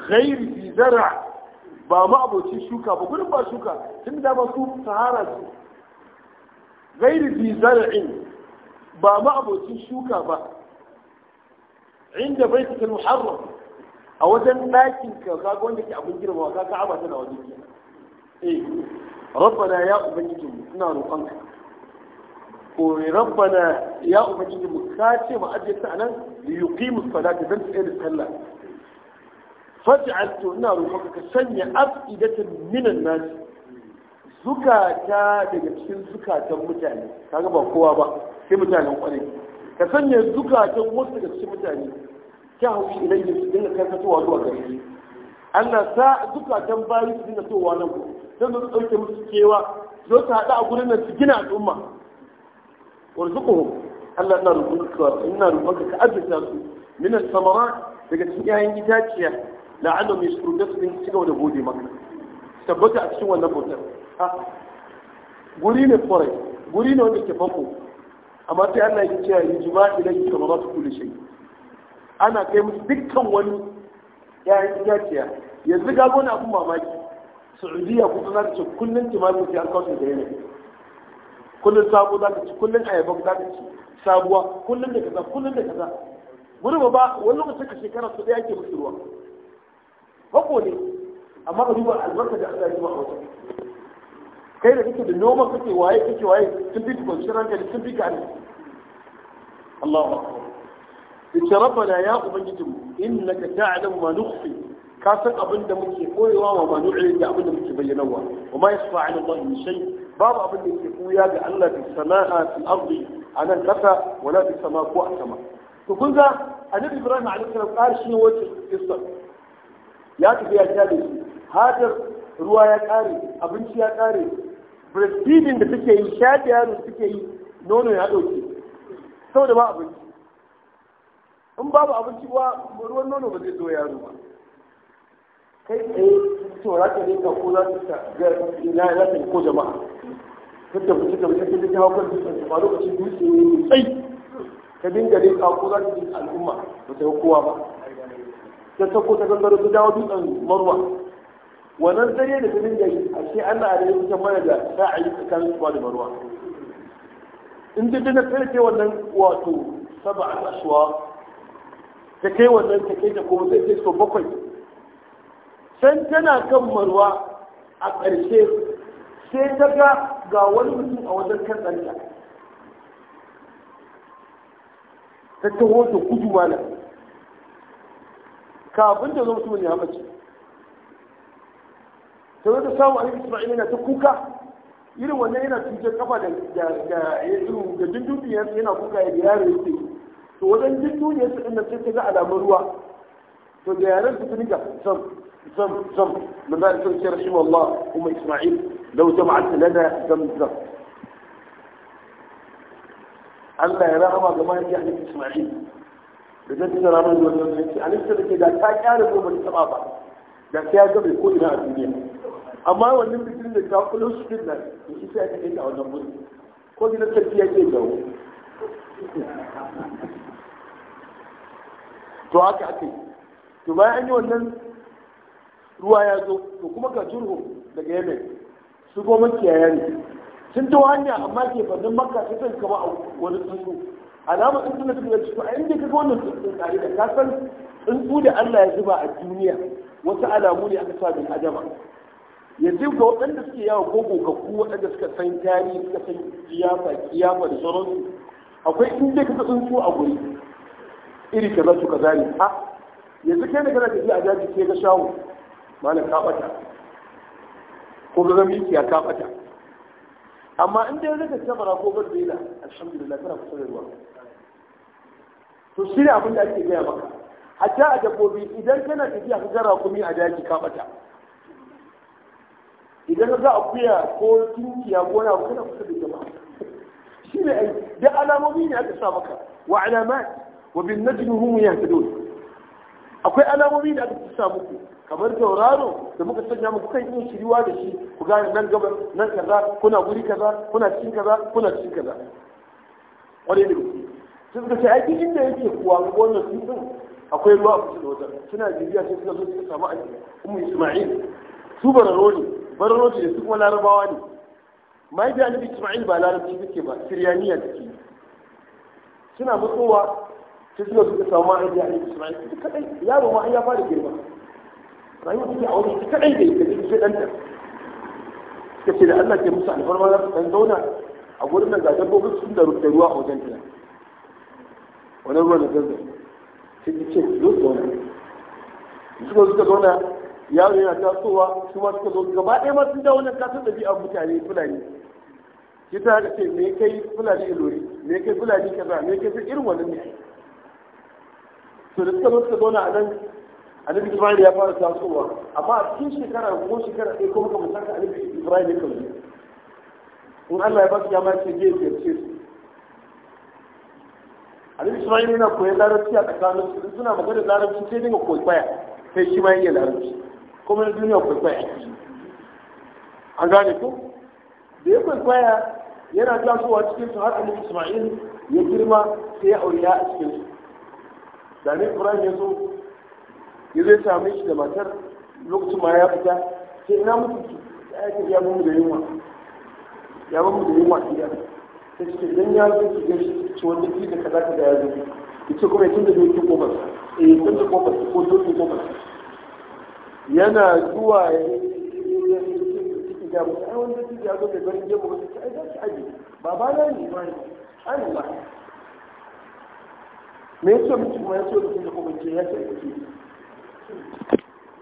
ghairi bi zara ba ma abocin shuka ba gurin ba shuka tun da ba su sahara su ghairi bi zara'in ba ma abocin shuka ba inda baitul muharram a wajen ɗakin ka ka ga wanda ke abin girma ka ka abata na waje. ke eh rabbana ya ubangiji mu ina roƙon ka ko rabbana ya ubangiji mu ka ce mu ajiye ta anan li yuqimu salata dan tsaye da sallah faj'al to ina roƙon ka ka sanya afidatan minan nas zukata daga cikin zukatan mutane kaga ba kowa ba sai mutanen kwarai ka sanya zukatan wasu daga cikin mutane shahawi ilayhi su dinga karkatowa zuwa gare shi Allah sa zukatan bayi su dinga towa nan ku, don su ɗauke musu cewa zo ta haɗu a gurin nan su gina al'umma warzuquhum Allah na rubuta ina rubuta ka azza su min as-samarat daga cikin 'ya'yan itaciya la'annu yashkuru da su dinga cigaba da gode maka tabbata a cikin wannan bautar guri ne kwarai guri ne wanda ke fako amma sai Allah ya ce ya jima'i ilayhi kamaratu kulli shay' ana kai musu dukkan wani yayin itaciya yanzu ga gona abin mamaki saudiya kuma za ta ce kullum timamin sai an kawo da yanayi kullum sabo za ta ci kullum ayaba za ta ci sabuwa kullum da kaza kullum da kaza wani ba wani lokacin ka shekara su da yake musu ruwa bako ne amma ka duba albarka da Allah ya yi a wajen kai da kake da noma kake waye kake waye sun fi ka kwanciyar hankali sun fi ka ne Allahu akbar yace rabbana ya ubangiji mu innaka ta'lamu ma nukhfi ka san abin da muke koyewa wa ma nu'lin da abin da muke bayyanawa wa ma yasfa 'ala Allah min shay babu abin da yake koya ga Allah bi sana'a fil ardi anan kasa wala bi sama ko asama. sama to kun ga annabi Ibrahim alaihi salam karshen wata kissa ya tafi ya kyale shi ruwa ya kare abinci ya kare breastfeeding da take yi shafi yaro take yi nono ya dauke saboda ba abinci in babu abinci ba ruwan nono ba zai zo yaro ba kai tsaye to za ka rinka ko za ka ga ina za ko jama'a fitta fitta da mutum da hawa kan dutsen ba lokacin dutse ne tsai ka dinga rinka ko za ka ji al'umma ba ta kowa ba ta sako ta gangaro ta dawo dutsen marwa wannan dare da ta dinga yi a ce ana a kusan mana da sa'ayi tsakanin suwa da marwa in ta dinga tsarke wannan wato a aswa ta kai wannan ta kai ta kuma sai ta so bakwai can tana kan marwa a ƙarshe sai ta ga ga wani mutum a wajen kan ɗanta ta ta gudu mana kafin ta zo mutum ya mace ta zo ta samu a isma'il yana ta kuka irin wannan yana cutar kafa da da yana kuka ya yaro yake yi to wajen jin duniyar su din nan sai ta ga alamun ruwa to da yaran su dinga zam zam zam min da sun ce rashin Allah kuma Isma'il law jama'at lana zam zam Allah ya rahama ga mahaifi Ali Isma'il da zai tuna ranar da wannan yake alisa da ke da ta kyara ko bai taba ba da ta ya gabe ko ina a duniya amma wannan bikin da ta kula su din nan to shi sai aka kai ta wannan gudu ko gidan tafiya ke jawo to haka aka yi to bayan an yi wannan ruwa ya zo to kuma ga jurhu daga yemen su goma kiyaya ne sun ta hanya amma ke fannin makka ta kan kama a wani tsuntsu alama tsuntsu na tafiya to a inda kaga wannan tsuntsun tsari da ka san tsuntsu da allah ya zuba a duniya wasu alamu ne aka sa bin adama yanzu ga waɗanda suke yawo ko gogaggu waɗanda suka san tarihi suka san kiyafa kiyafa da sauransu akwai inda ka tsuntsu a guri iri kaza to kaza ne a ah, yanzu kai ne kana tafiya a daji ke ga shawo malam ka bata ko ga miki ya ka bata amma in dai zaka tabara ko bar dela alhamdulillah kana kusa da ruwa to shi ne abin da ake gaya maka hatta a dabbobi idan kana tafiya ka gara kuma a daji ka bata idan ka ga akuya ko tunkiya ko na kana kusa da jama'a shi ne ai da alamomi ne aka sa maka wa alamat wa bin najmi hum yahtadun akwai alamomi da aka tsaya muku kamar tauraro da muka sanya muku kan yin shiriwa da shi ku gane nan gaba, nan kaza kuna guri kaza kuna cikin kaza kuna cikin kaza kwarai da gaske sai suka ce ai inda yake kuwa wannan tsutsun akwai ruwa a cikin wajen suna bibiya sai suka zo suka samu aiki ummu isma'il su bararo ne bararo ne su kuma larabawa ne mahaifiya annabi isma'il ba larabci take ba siriyaniya take suna mutuwa. sai suka suka samu ma'aikaci a cikin Ismail ita kadai yaro ma ya fara girma rayuwa take a wani ita kadai da ita take danta suka ce da Allah ke musu alfarma za su dan zauna a gurin nan ga dabbobin sun da ruwa a wajen tana wani ruwa da zanzan sai ta ce zo zauna suka suka zauna yaro yana tasowa su ma suka zo gaba ɗaya ma sun dawo nan wannan kasar ɗabi'a mutane fulani shi ta haka ce me kai fulani ilori me kai fulani kaza me kai irin wannan ne to da suka zo suka zauna a nan annabi isra'il ya fara tasowa amma a cikin shekara ko shekara ɗaya ko kuma saka annabi isra'il ya kalli in Allah ya ba su ya ma ce zai ce su annabi Ibrahim yana koyar larabci a tsakanin su suna magana larabci sai dinga kwaikwaya sai shi ma iya larabci kuma na duniya kwaikwaya an gane ko da ya kwaikwaya yana tasowa cikin su har annabi isra'il ya girma sai ya aure ya a cikin su da ne ya zo ya zai sami shi da matar lokacin ma ya fita sai ina mutu ki ya yi ya bamu da yunwa ya bamu da yunwa gida ta ce idan ya zo ki gaishe ci wanda ki da kaza da ya zo ki ce kuma ya tunda zai ki kofar eh tunda kofar ko dokin kofar yana zuwa ya ya mutu ai wanda ki ya zo da garin gemu ba sai ai za ki aje baba na ne ba ne ai ba me yaso miki kuma yaso miki da kuma ce ya ce miki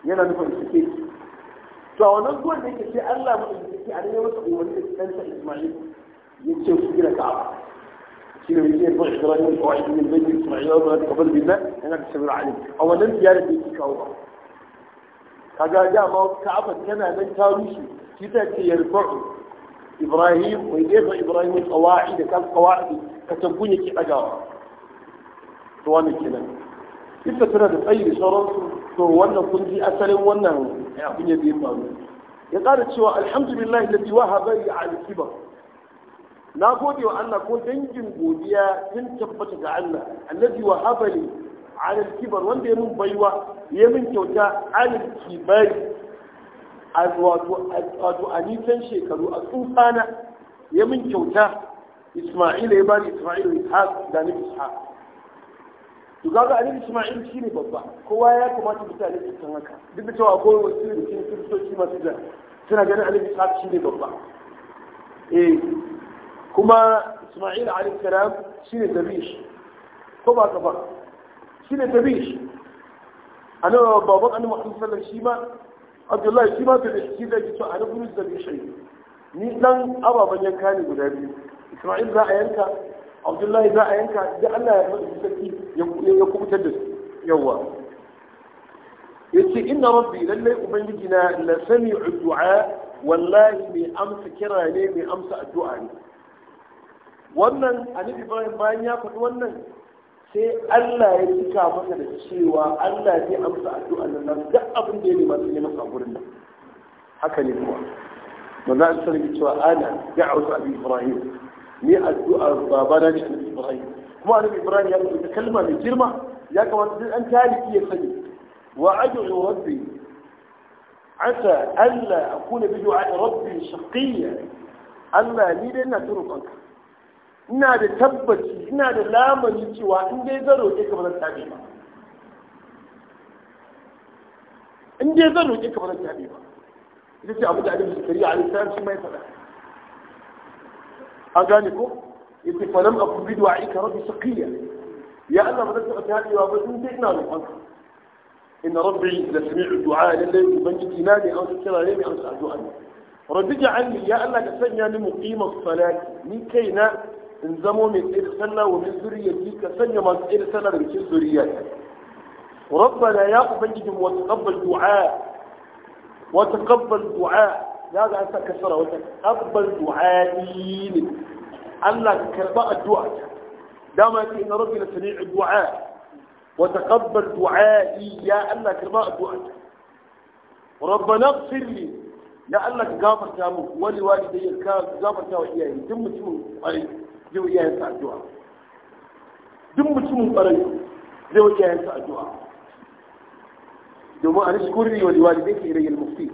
yana nufin su ke to a wannan kowanne da yake ce Allah mu da yake a nan masa umarni da ɗansa Ismail ya ce su gina ka'aba shi ne yake ba Isra'il ne kawai ne bai yi Isra'il ba da kabal bin nan yana da sabir alim a wannan ziyarar da yake kawo ba kaga dama ka'aba tana nan ta rushe shi ta ce yarfa'u إبراهيم ويدفع إبراهيم القواعد كالقواعد كتبوني كي أجاوه to wani kenan ita tana da tsayi da sauransu to wannan kun ji asalin wannan abin ya biyin faru ya ƙara cewa alhamdulillah alladhi wahaba Habari al-kibar na gode wa Allah ko dangin godiya sun tabbata ga Allah alladhi wa Habari al-kibar wanda ya mun baiwa ya min kyauta al-kibar wato a nisan shekaru a tsufana ya min kyauta Isma'ila ya bani Isma'ila Ishaq da ni Ishaq to kaga annabi Isma'il shine babba kowa ya kamata mutane su san haka duk da cewa akwai wasu da cikin kiristoci masu da suna ganin annabi Isma'il shine babba eh kuma Isma'il alayhi salam shine dabish ko ba ka ba shine dabish annabi baban annabi Muhammad sallallahu alaihi wasallam shi ma Abdullahi shi ma da shi da ke cewa annabi Dabish ni dan ababan yanka ne guda biyu Isma'il za a yanka abdullahi za a yanka da Allah ya faɗi sarki ya kubutar da su yawa yace inna rabbi lallai ubangiji na la sami'u du'a wallahi mai amsa kira ne mai amsa addu'a ne wannan annabi ibrahim bayan ya faɗi wannan sai Allah ya cika masa da cewa Allah zai amsa addu'a nan duk abin da ya nema sai ya masa gurin nan haka ne kuwa manzo sallallahu alaihi wa sallam cewa ana da'awtu abi ibrahim ni addu'a babana ne annabi ibrahim kuma annabi ibrahim ya rubuta kalma mai girma ya kamata duk an tarihi ya sani wa ad'u rabbi asa alla akuna bi du'a rabbi shaqiyya Allah ni dai ina ta ka. ina da tabbaci ina da lamani cewa in dai zan roƙe ka ba zan tabe ba in dai zan roƙe ka ba zan tabe ba ita ce abu da annabi zakariya alaihi salam shi mai faɗa أجانبكم أنت فلم أكن بدو ربي شقيا يا الله بلدت هذه وابدون بإذن إن ربي لسميع الدعاء للي من جتناني أو سكرا ليمي أو سأدو أنا ربي جعلني يا الله كسنيا لمقيم الصلاة من كينا انزموا من إير سنة ومن سورية ديك سنة من إير سنة من سورية ربنا يا أبنجم وتقبل دعاء وتقبل دعاء لازم أنت كسرة وتك قبل دعائين الله كرباء الدعاء دام أن ربنا سميع الدعاء وتقبل دعائي يا الله كرباء الدعاء وربنا اغفر لي يا الله كقابر تامو ولي والدي كقابر تامو إياه دم تمو قريب جو إياه ينسى الدعاء دم تمو قريب جو إياه ينسى الدعاء دم أنشكرني ولوالديك إلي المفتيح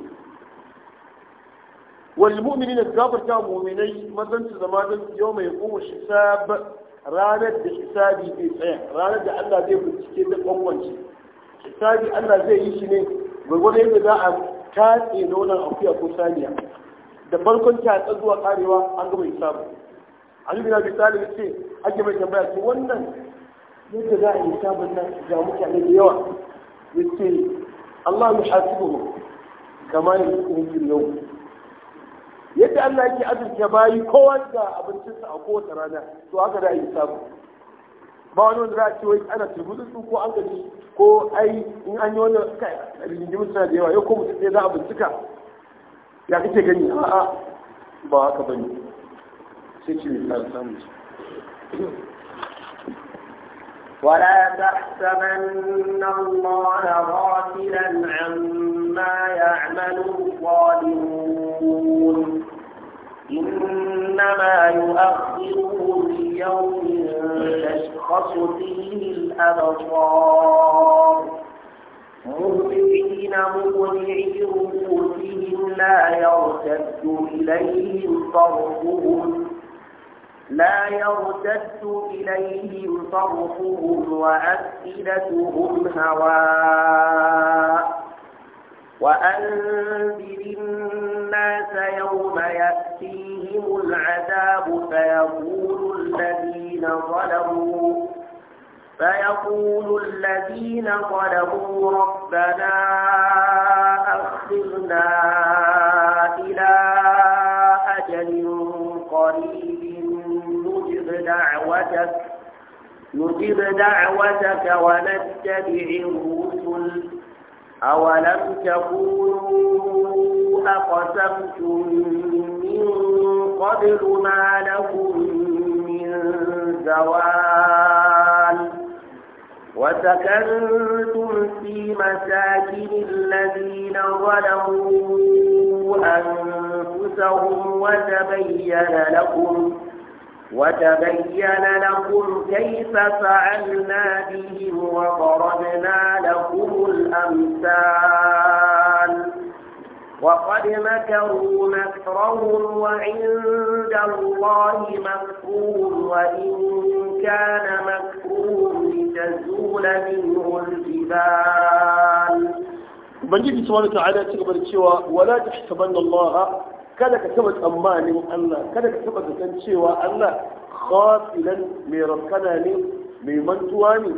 wal mu'minina gafarta mu'minai mazan su zama don yau mai kuma ranar da hisabi zai tsaya ranar da Allah zai bincike da kwakwance hisabi Allah zai yi shi ne gwagwado da za a tatse nonon akuya ko saniya da farkon tatsa zuwa karewa an gama hisabu Ali bin Abi ce ake mai tambaya ce wannan yadda za a yi da yawa yace Allah yadda Allah yake azurta bayi kowa da abincinsa a kowace rana to haka da yi samu ba wani wanda za a ce wai ana turbuɗin su ko an gaji ko ai in an yi wani rigingi suna da yawa yau ko mutum sai za a bincika ya kake gani a'a ba haka bane sai ce misali samun ولا تحسبن الله غافلا عما يعمل الظالمون إنما يؤخرهم ليوم تشخص فيه الأبصار مهطعين مقنعي رؤوسهم لا يرتد إليهم طرفهم لا يرتد إليهم طرفهم وأفئدتهم هواء وأنذر الناس يوم يأتيهم العذاب فيقول الذين ظلموا فيقول الذين ظلموا ربنا أخذنا إلى أجل قريب دعوتك نجب دعوتك ونتبع الرسل أولم تكونوا أقسمتم من قبل ما لكم من زوال وسكنتم في مساكن الذين ظلموا أنفسهم وتبين لكم وتبين لكم كيف فعلنا بهم وضربنا لكم الأمثال وقد مكروا مكرهم وعند الله مكرهم وإن كان مكرهم لتزول منه الجبال بنجد سبحانه وتعالى تقبل سوى ولا تحسبن الله kada ka taba tsammanin Allah kada ka taba zaton cewa Allah khafilan mai rakkana ne mai mantuwa ne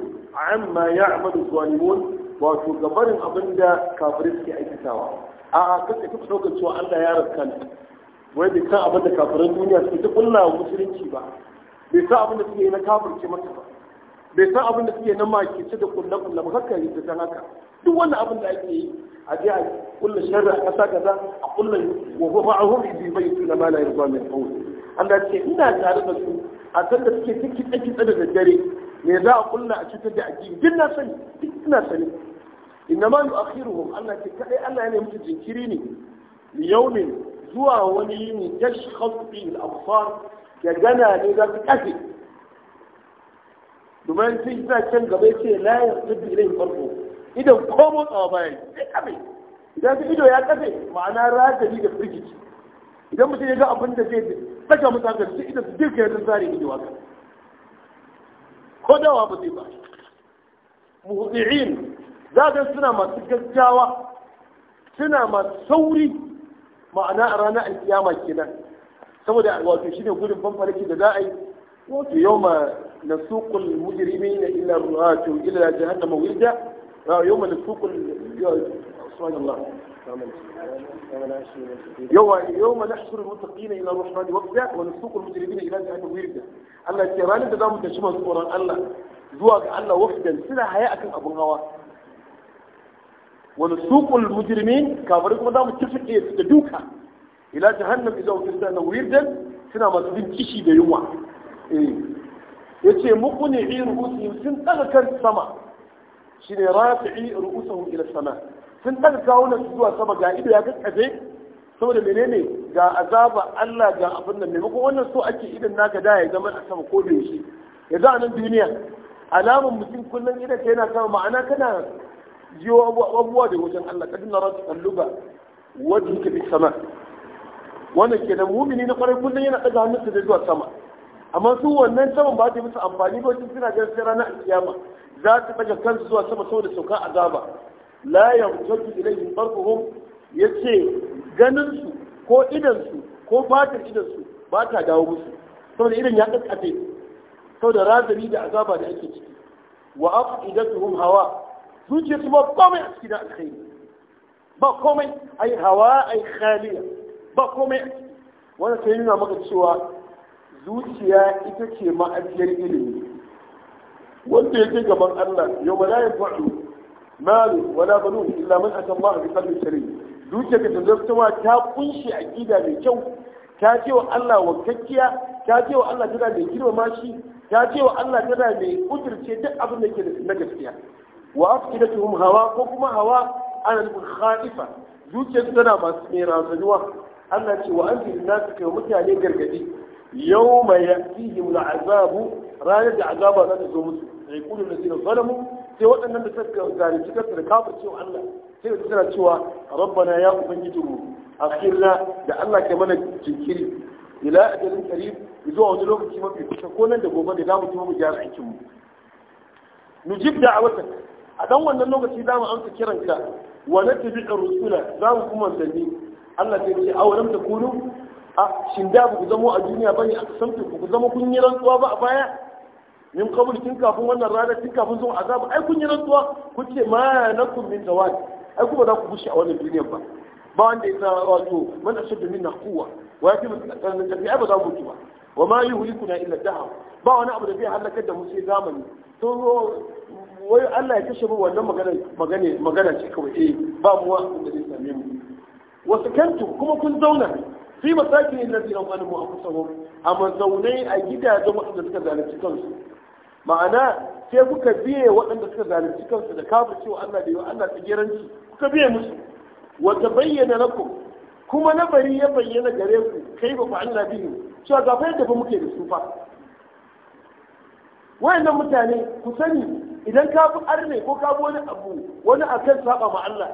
amma ya amadu zalimun wato gabarin abinda kafirai suke aikatawa a kada ka taba cewa Allah ya rakkana wai bai san abinda kafirin duniya suke ta kulla musulunci ba bai san abinda suke na kafirce masa ba bai san abin da suke na makice da kulle kulle ba kakka yi san haka duk wannan abin da ake yi a je a kulle sharri a ƙasa kaza a a ba kulle wa fa ahum bi baytuna ma la yarda min qawl Allah ce ina tare da su a san da suke ciki tsaki da daddare me za a kulla a cutar da addini duk na sani duk ina sani inna ma yu'akhiruhum Allah ce kadai Allah ya ne mutu jinkiri ne yaumin zuwa wani yini tashkhas bihi al-absar ya gana ne za su kafe domin sun yi can gaba ce la ya zubi ilai farko idan ko motsawa bayan sai kabe idan su ido ya kafe ma'ana ratari da firgici idan mutum ya ga abin da zai saka musu hankali su idan su dirka ya tsare ido haka ko dawa ba zai ba muhdi'in za ga suna masu gaggawa suna masu sauri ma'ana a ranar alkiyama kenan saboda wato shine gudun fanfarki da za a yi wato yau نسوق المجرمين إلى رؤاتهم إلى جهنم وردا يوم نسوق سبحان الله يوم يوم نحشر المتقين الى الرحمن وفدا ونسوق المجرمين الى جهنم وردا الله تيران da zamu tashi masu tsoron Allah zuwa ga Allah wafdan suna haya akan abun hawa ونسوق المجرمين كافر kuma zamu tafi da duka ila jahannam idan wurda suna masu bin kishi da yunwa yace muqni'i ru'usihim sun ɗaga kan sama shi ne shine rafi'i ru'usuhum ila sama sun ɗaga kawunan su zuwa sama ga ido ya kakkafe saboda menene ga azaba Allah ga abin nan maimakon wannan so ake idan naka da ya zama a sama ko da yaushe yanzu a nan duniya alamun mutum kullum idan ka yana sama ma'ana kana ji abubuwa da wajen Allah kadin na rasu kalluba wajen ka bi sama wannan ke kenan mumini na kwarai kullum yana ɗaga hannunsa da zuwa sama amma su wannan saman ba ta musu amfani ba sun suna jan sirana a kiyama za su daga kansu zuwa sama saboda sauka azaba la yamtaju ilayhim barquhum yace ganin su ko idan su ko fatar idan su ba ta dawo musu saboda idan ya kaskace saboda razani da azaba da ake ciki wa afidatuhum hawa zuciyar su ba komai a cikin alkhairi ba komai ai hawa ai khaliya ba komai wannan sai nuna maka cewa zuciya ita ce ma'ajiyar ilimi wanda yake gaban Allah yau ba la yanfa'u malu wala banu illa man ata Allah bi qalbi salim zuciya ta zartawa ta kunshi aqida mai kyau ta ce wa Allah wakkakkiya ta ce wa Allah tana mai girmama shi ta ce wa Allah tana mai kudirce duk abin da ke na gaskiya wa afkidatuhum hawa ko kuma hawa ana nufin khalifa zuciyarsu tana masu mai razanuwa Allah ce wa an zai nasu mutane gargadi yau mai yanzu yaƙihi wula azabu ranar da azaba za ta zo musu sai kudu da zina zalamu sai waɗannan da suka zalunci kansu da kafa cewa Allah sai da suna cewa rabbana ya ubangiji mu akhirna da Allah ke mana jinkiri ila ajalin qarib zuwa wani lokaci mafi kusa ko nan da gobe da zamu ci mu gyara aikin mu nujib da'awatak a dan wannan lokaci zamu amsa kiranka wa natabi'ur rusula zamu kuma manzanni Allah sai ya ce awalam takunu a shin da ku zamo a duniya bane a san ku zama kun yi rantsuwa ba a baya min kabul kin kafin wannan rana kin kafin zuwa azabu ai kun yi rantsuwa ce ma nakum min zawal ai kuma za ku bushe a wannan duniya ba ba wanda ya wato man ashaddu minna quwwa wa yafi mutsakan tafiya ba za mu ci ba wa ma yuhlikuna illa dahar ba wani abu da zai halaka da mu sai zamani to wai Allah ya kashe mu wannan magana magana magana ce kawai eh ba mu wa da zai same mu wasu kantu kuma kun zauna fi masakin allazi lam anhu anfusahum a mazaunai a gidajen waɗanda suka zalunci kansu ma'ana sai kuka biye waɗanda suka zalunci kansu da kafa cewa Allah da yau Allah ta tsigiranci kuka biye musu ta bayyana lakum kuma na bari ya bayyana gare ku kai ba Allah bihi cewa ga fa yadda fa muke da su fa wayannan mutane ku sani idan ka bi arne ko ka bi wani abu wani akan saba ma Allah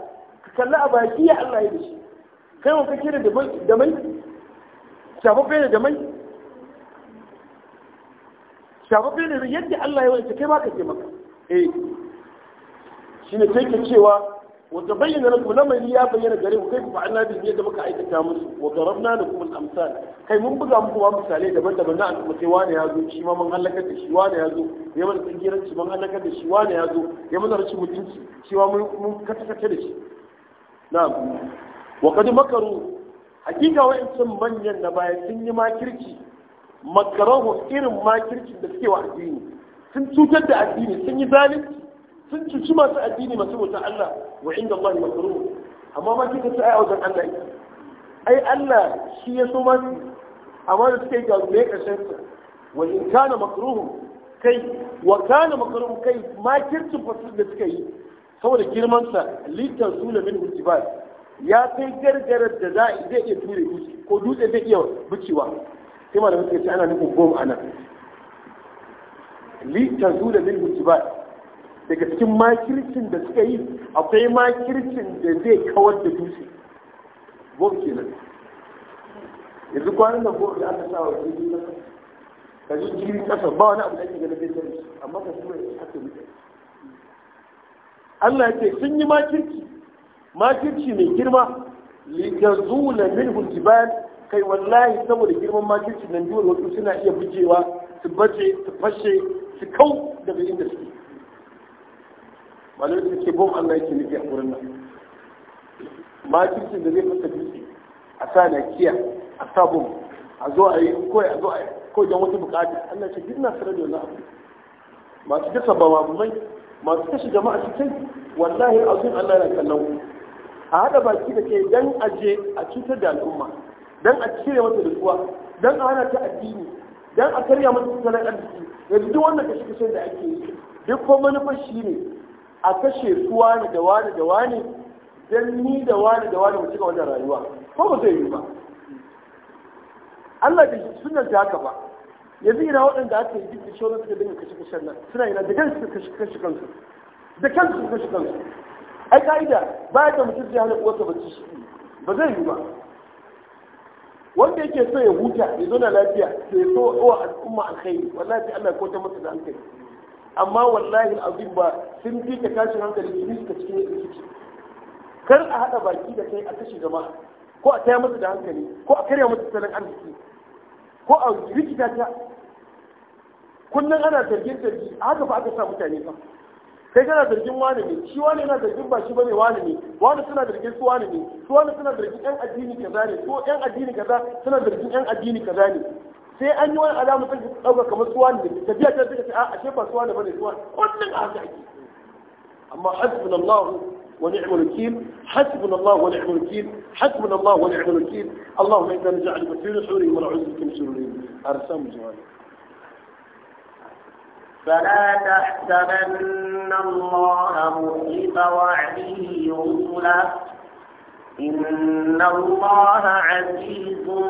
ka kalli a baki ya Allah ya da shi kai wa fikiri da mai shafaffe ne da mai shafaffe ne yadda Allah ya wani kai ba ka maka eh shi ne sai ke cewa wata bayyana na kuma mai ya bayyana gare ku kai ku fa'alna bi da muka aikata musu wa darabna da kuma amsal kai mun buga muku ma misalai daban-daban na al'umma sai wane ya zo shi ma mun halakar da shi wane ya zo ya mana tsingiranci mun halakar da shi wane ya zo ya mana rashin mutunci shi ma mun kata-kata da shi na'am wa kad makaru hakika wa'ancan manyan na baya sun yi makirci makarahu irin makircin da suke wa addini sun cutar da addini sun yi zalunci sun cuci masu addini masu wuta Allah wa inda Allah makaruhu amma makirci sai a wajen Allah ai Allah shi ya so masu amma da suke ga me karshen sa wa in kana makruhu kai wa kana kai makircin suka yi saboda girmansa sa litan sulamin ya kai gargarar da za a iya ture dutse ko dutse zai iya bucewa sai da muke ce ana nufin bom a nan li tazula lil ba daga cikin makircin da suka yi akwai makircin da zai kawar da dutse bom kenan yanzu kwanan da bom da aka sawa wajen jirgin ka ji jirgin kasa ba wani abu da ake ganin zai amma ka tura ya haka mutane Allah ya ce sun yi makirci makirci mai girma litazula minhu jibal kai wallahi saboda girman makirci nan duwar wasu suna iya bijewa su bace su fashe su kau daga inda suke malamai suke bom Allah yake nufi a wurin nan makircin da zai fasa dutse a sa na kiya a sa bom a zo a yi kawai a zo a yi kawai don wata bukata Allah ce duk na sanar da wani abu masu dasa ba mai, masu kashe jama'a su kai wallahi a azin Allah yana kallon a haɗa baki da ke dan aje a cutar da al'umma dan a cire mata nutsuwa dan a hana ta addini dan a karya mata tattalin arziki da duk wannan kashe kashen da ake yi duk kuma manufar shi ne a kashe su wani da wani da wani dan ni da wani da wani mu cika wannan rayuwa ko ba zai yi ba Allah da sunan ta haka ba yanzu ina waɗanda aka yi duk da shoron suka dinga kashe kashen nan suna yana da kansu kashe kansu da kansu kashe kansu ai ka'ida ba da mutum zai hana uwarsa bacci ba zai yi ba wanda yake so ya huta ya zo na lafiya to ya so wa al'umma alkhairi wallahi Allah ko ta masa da hankali amma wallahi al'azim ba sun fi ka tashi hankali su suka cikin suke kar a hada baki da kai a kashe jama'a ko a taya masa da hankali ko a karya masa salon arziki ko a rikita ta kullum ana zargin zargi haka ba aka sa mutane ba. kai kana zargin wani ne shi wani yana zargin ba shi bane wani ne wani suna zargin su wani ne su wani suna zargin yan addini kaza ne ko yan addini kaza suna zargin yan addini kaza ne sai an yi wani alamu sai dauka kamar su wani ne tafiya ta take a ashe ba su wani bane su wani wannan a haka ake amma hasbunallahu ونعم الوكيل حسبنا الله ونعم الوكيل حسبنا الله ونعم الوكيل اللهم انا نجعلك في نحورهم ونعوذ بك من شرورهم ارسام جوالك فلا تحسبن الله مخلف وعده رسله إن الله عزيز ذو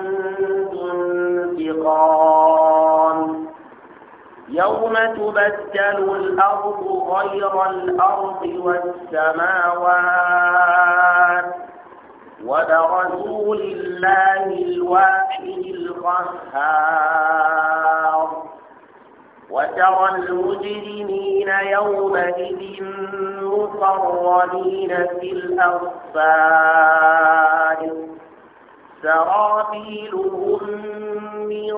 انتقام يوم تبدل الأرض غير الأرض والسماوات وبرزوا لله الواحد القهار وترى المجرمين يومئذ مقرنين في الأغفار سرابيلهم من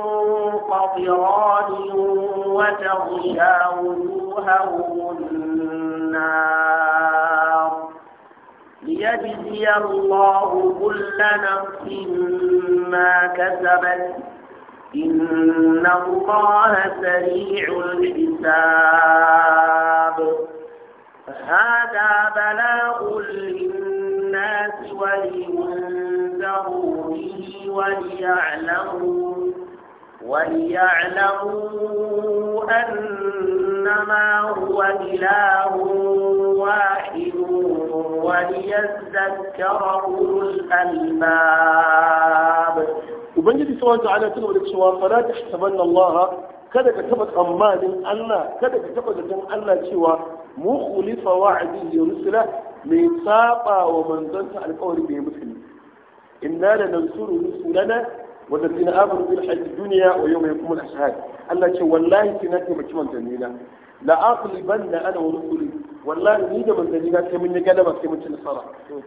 قطران وتغشى وجوههم النار ليجزي الله كل نفس ما كسبت إن الله سريع الحساب هذا بلاغ للناس ولينذروا به وليعلموا وليعلموا أنما هو إله واحد وليذكر أولو الألباب ubangiji subhanahu ta'ala tana da cewa fala tahsabanna Allah kada ka taba tsammanin Allah kada ka taba zaton Allah cewa mu mukhlifa wa'dihi rusula mai saba wa manzansa da ya musulmi inna da nansuru rusulana wa ladina amanu bil hayati dunya wa yawma yaqumul ashhad Allah ce wallahi kina taimaki manzannina la aqliban la ana wa rusuli wallahi ni da manzanni na sai mun yi galaba sai mun ci nasara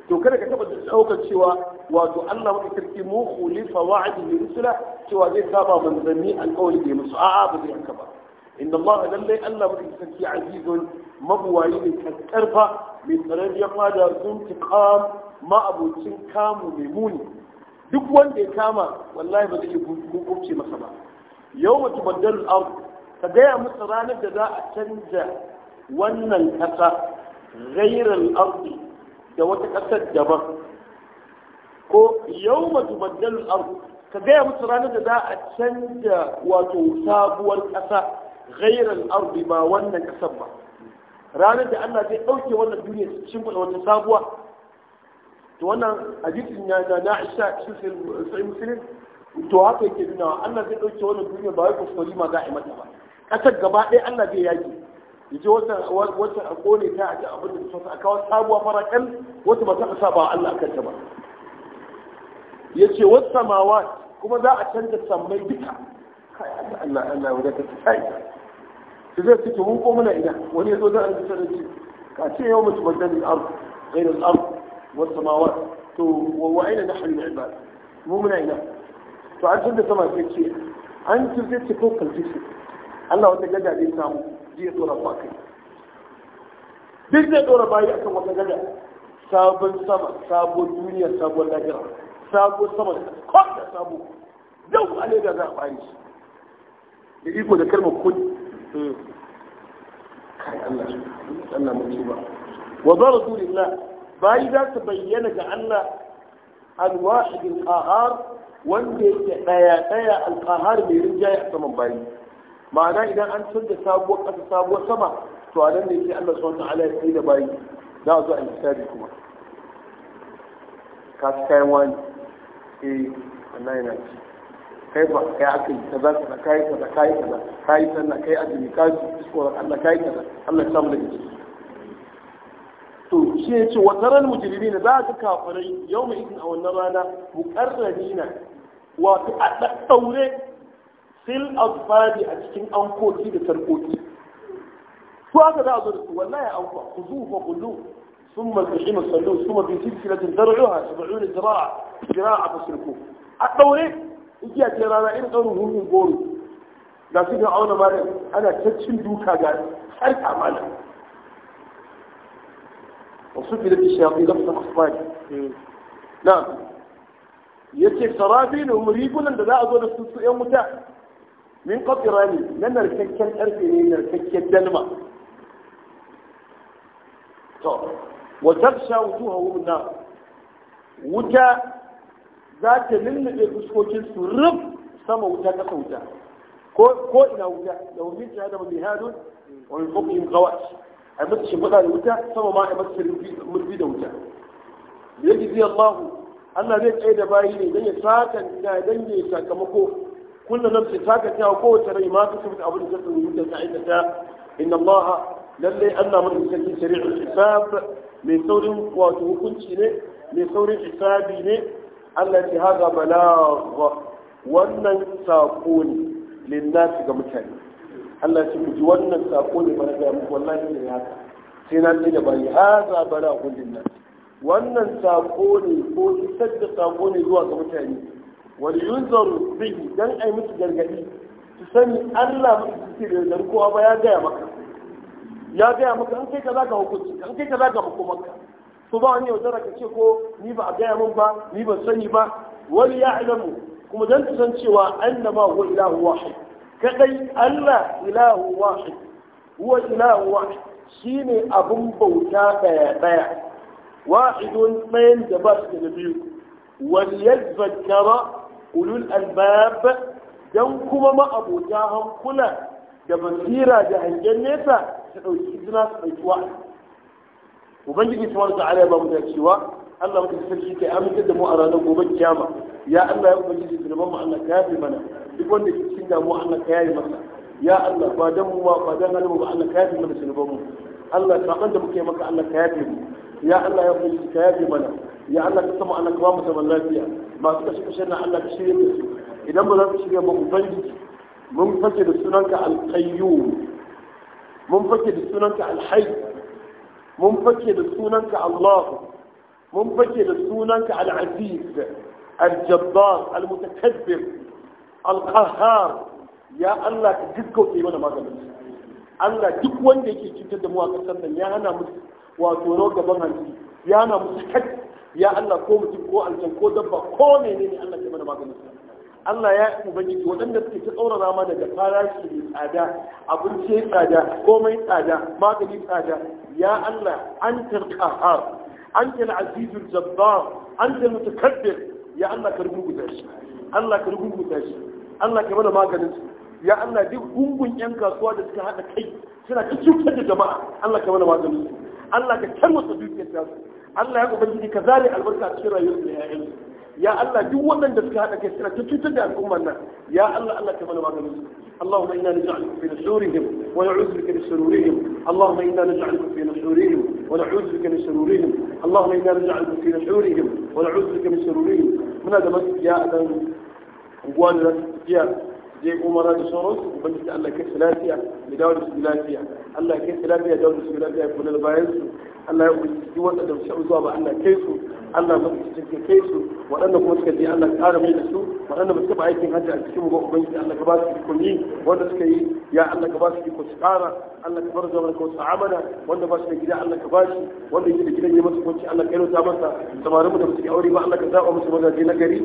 to kada ka taba daukar cewa wato Allah wa sarki mu khulifa wa'di li rusula cewa zai saba manzanni alƙawari da musu a'a ba zai haka ba inna Allah lallai Allah mutum sarki azizun mabuwayi ne karfa mai tsaron da fada zuntiqam ma kamu mai muni duk wanda ya kama wallahi ba zai hukunce masa ba yau mutum baddalul ardh ka gaya musu ranar da za a canza wannan ƙasa gairar arzi da wata ƙasar daban ko yau matubaddal arzi ka gaya musu ranar da za a canza wato sabuwar ƙasa gairar arzi ba wannan ƙasar ba ranar da Allah zai ɗauke wannan duniya su cin wata sabuwa to wannan hadisin ya na na isha cikin sai musulun to haka yake nuna Allah zai ɗauke wannan duniya ba wai kuskure ma za a yi mata ba kasar gaba ɗaya Allah zai yaki yaji wata wata a kone ta a ji abin da ta sa kawo sabuwa farakan wata ba ta sa ba Allah ta ba yace wasu samawa kuma za a canza sammai duka kai Allah Allah wajen ta tsaya su zai fito mun ko muna ina wani yazo za a fita da ka ce yau mutum badan al-ard ghayr al-ard was samawat to wa aina nahnu al-ibad mu muna ina to an canza sama sai ce an ci zai ko kalfishi Allah wata gada ne samu ji ya tsora ba kai duk zai tsora bayi akan wata gada sabon sama sabon duniya sabon lahira sabon sama da kwanta sabo yau a leda za a bayi shi da iko da kalmar kudi hmm. kai Allah Allah mutu ba wa zaratu lillah bayi za su bayyana ga Allah alwahid ƙahar wanda yake ɗaya ɗaya alqahar mai rinjaye a saman bayi ma'ana idan an canza sabuwar ƙasa sabuwar sama to a nan ne sai Allah subhanahu wataala ya tsaye da bayi za a zo a hisabi kuma ka ci kayan wani eh Allah yana ci kai ba kai aka yi kaza kaza kai kaza kai kaza kai sanna kai azumi kai tsoron Allah kai kaza Allah ya samu daga ciki to shi ya ce wataran mujrimin za a ga kafirai yau mai izin a wannan rana muƙarrani na wato a ɗaɗɗaure fil asfari a cikin ankoki da sarkoki su haka za a zo da su wallahi aufa ku zuwa kullu ثم الجحيم صلوه ثم في سلسلة ذرعها سبعون ذراع ذراع فسلكوه الدوري يجي أتيرانا إن قالوا هم يقولوا لا سيدنا أولا مالا أنا تتشن دوكا قال حرك عمالا وصفلت الشياطين لفظ أخطاك نعم يتيك سرابين هم ريبون أن لا أدوى نفسه يوم متاح min kafirani na narkakken ƙarfe ne narkakken dalma to wa tabsha wujuhahum na wuta za ta lullube fuskokin su rub sama wuta ta wuta ko ina wuta da wumin ta da mihadun wa min fawqihim ghawash ai mata shimfiɗa da wuta sama ma ai mata murfi da wuta yaji zai Allah Allah zai tsaye da bayi ne dan ya sakan dan ya sakamako kullu nafsin ta ka a kowace rai ma ta tabbata abin da ta rubuta ta aikata inna allaha lalle allah mun saki shari'ul hisab mai saurin wato hukunci ne mai saurin hisabi ne allah ce haga balagha wannan sako ne linnasi ga mutane allah ce ku ji wannan sako ne bana ga muku wallahi ne haka sai na ce da bani haza balaghun linnasi wannan sako ne ko isar da sako ne zuwa ga mutane wani yunzaru bihi dan ai musu gargadi su sani Allah musu suke gargadi kowa ba ya gaya maka ya gaya maka an kai kaza ka hukunci an kai kaza ka hukumarka su ba wani yaudara ka ce ko ni ba a gaya min ba ni ban sani ba wani ya ilamu kuma dan su san cewa annama huwa ilahu wahid kadai Allah ilahu wahid huwa ilahu wahid shine abun bauta daya daya wahidun ɗayan da ba su da biyu wal yadhakkara ulul albab dan kuma ma'abota hankula da basira da hangen nesa su ɗauki izina su ɗauki wa ubangiji subhanahu wa ta'ala ya ba mu da cewa Allah muka sarki kai amince da mu a ranar gobe kiyama ya Allah ya ubangiji zulman mu Allah ka yafe mana duk wanda ke cikin damuwa Allah ka yaye masa ya Allah ba dan mu ba dan halmu ba Allah ka yafe mana zulman mu Allah saban da muke maka Allah ka yafe mu ya Allah ya ubangiji ka yafe mana ya Allah ka sama Allah ka mu lafiya masu kashe kashe na Allah ka shirya su idan ba za ku shirya ba ubangiji mun fake da sunanka alqayyum mun fake da sunanka alhayy mun fake da sunanka Allah mun fake da sunanka al-aziz al-jabbar ya Allah ka mana maganin Allah duk wanda yake cutar da mu a kasar nan ya hana mu wato hanci ya hana mu sakat ya Allah ko mutum ko aljan ko dabba ko menene Allah ya mana maganin sa Allah ya ubangiji waɗanda suke ta tsaurara ma daga farashi mai tsada abinci tsada komai tsada magani tsada ya Allah an antal qahar antal azizul jabbar antal mutakabbir ya Allah ka rubuta shi Allah ka rubuta shi Allah ka mana maganin su ya Allah duk gungun yan kasuwa da suka haɗa kai suna ta cutar da jama'a Allah ka mana maganin su Allah ka tarwata dukiyar su Allah ya ubangiji ka zare albarka a cikin rayuwar mai ya'yan ya Allah duk wannan da suka hada kai suna ta cutar da al'ummar اللهم انا نجعلك في نشورهم ونعوذ بك من شرورهم اللهم انا نجعلك في نشورهم ونعوذ بك من شرورهم اللهم انا نجعلك في نشورهم ونعوذ بك من شرورهم من هذا بس يا ادم وانا يا زي عمر هذا شرط وبنت الله كيف ثلاثيه لدوله ثلاثيه الله كيف ثلاثيه دوله ثلاثيه كل البايز Allah ya ubangiji waɗanda ba su zuwa ba Allah kai su Allah ba su ka kai su waɗanda kuma suka je Allah ƙara mai da su waɗanda ba su taɓa aikin hajji a cikin ba ubangiji Allah ka ba su iko yi wanda suka yi ya Allah ka ba su iko su ƙara Allah ka bar zaman ka wasu amana wanda ba su da gida Allah ka ba shi wanda yake da gidan ya masa kwanci Allah kai yi rota masa samarin mu da suke aure ba Allah ka zaɓa musu mazaje na gari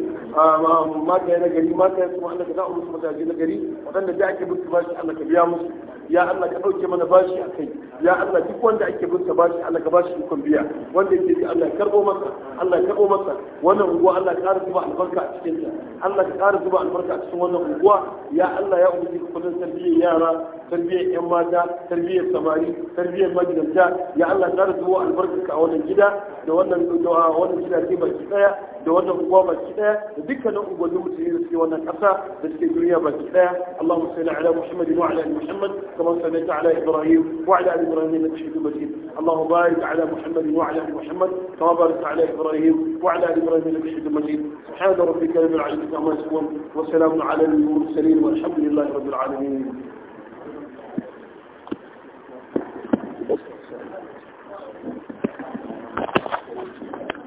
mata na gari mata kuma Allah ka zaɓa musu mazaje na gari waɗanda da ake musu ba shi Allah ka biya musu ya Allah ka ɗauke mana bashi a kai ya Allah duk wanda ake bin sa bashi Allah ka bashi ikon biya wanda yake bi Allah ya karbo masa Allah ya karbo masa wannan unguwa Allah ya ƙara zuba albarka a cikin ta Allah ya ƙara zuba albarka a cikin wannan unguwa ya Allah ya umarci ka kudin tarbiyyar yara tarbiyyar yan mata tarbiyyar samari tarbiyyar magidanta ya Allah ka ƙara zuba albarka a wannan gida da wannan da wannan gidaje baki daya da wannan unguwa baki daya da dukkanin unguwanni musulmi da suke wannan kasa da suke duniya baki daya Allahumma salli ala Muhammad wa ala ali Muhammad kama sallaita ala Ibrahim wa ala ali Ibrahim innaka Hamidum Majid Allahumma barik ala Muhammad wa ala ali Muhammad kama barakta ala Ibrahim wa ala ali Ibrahim innaka Hamidum Majid سبحان ربك رب العزة عما يصفون وسلام على المرسلين والحمد لله رب العالمين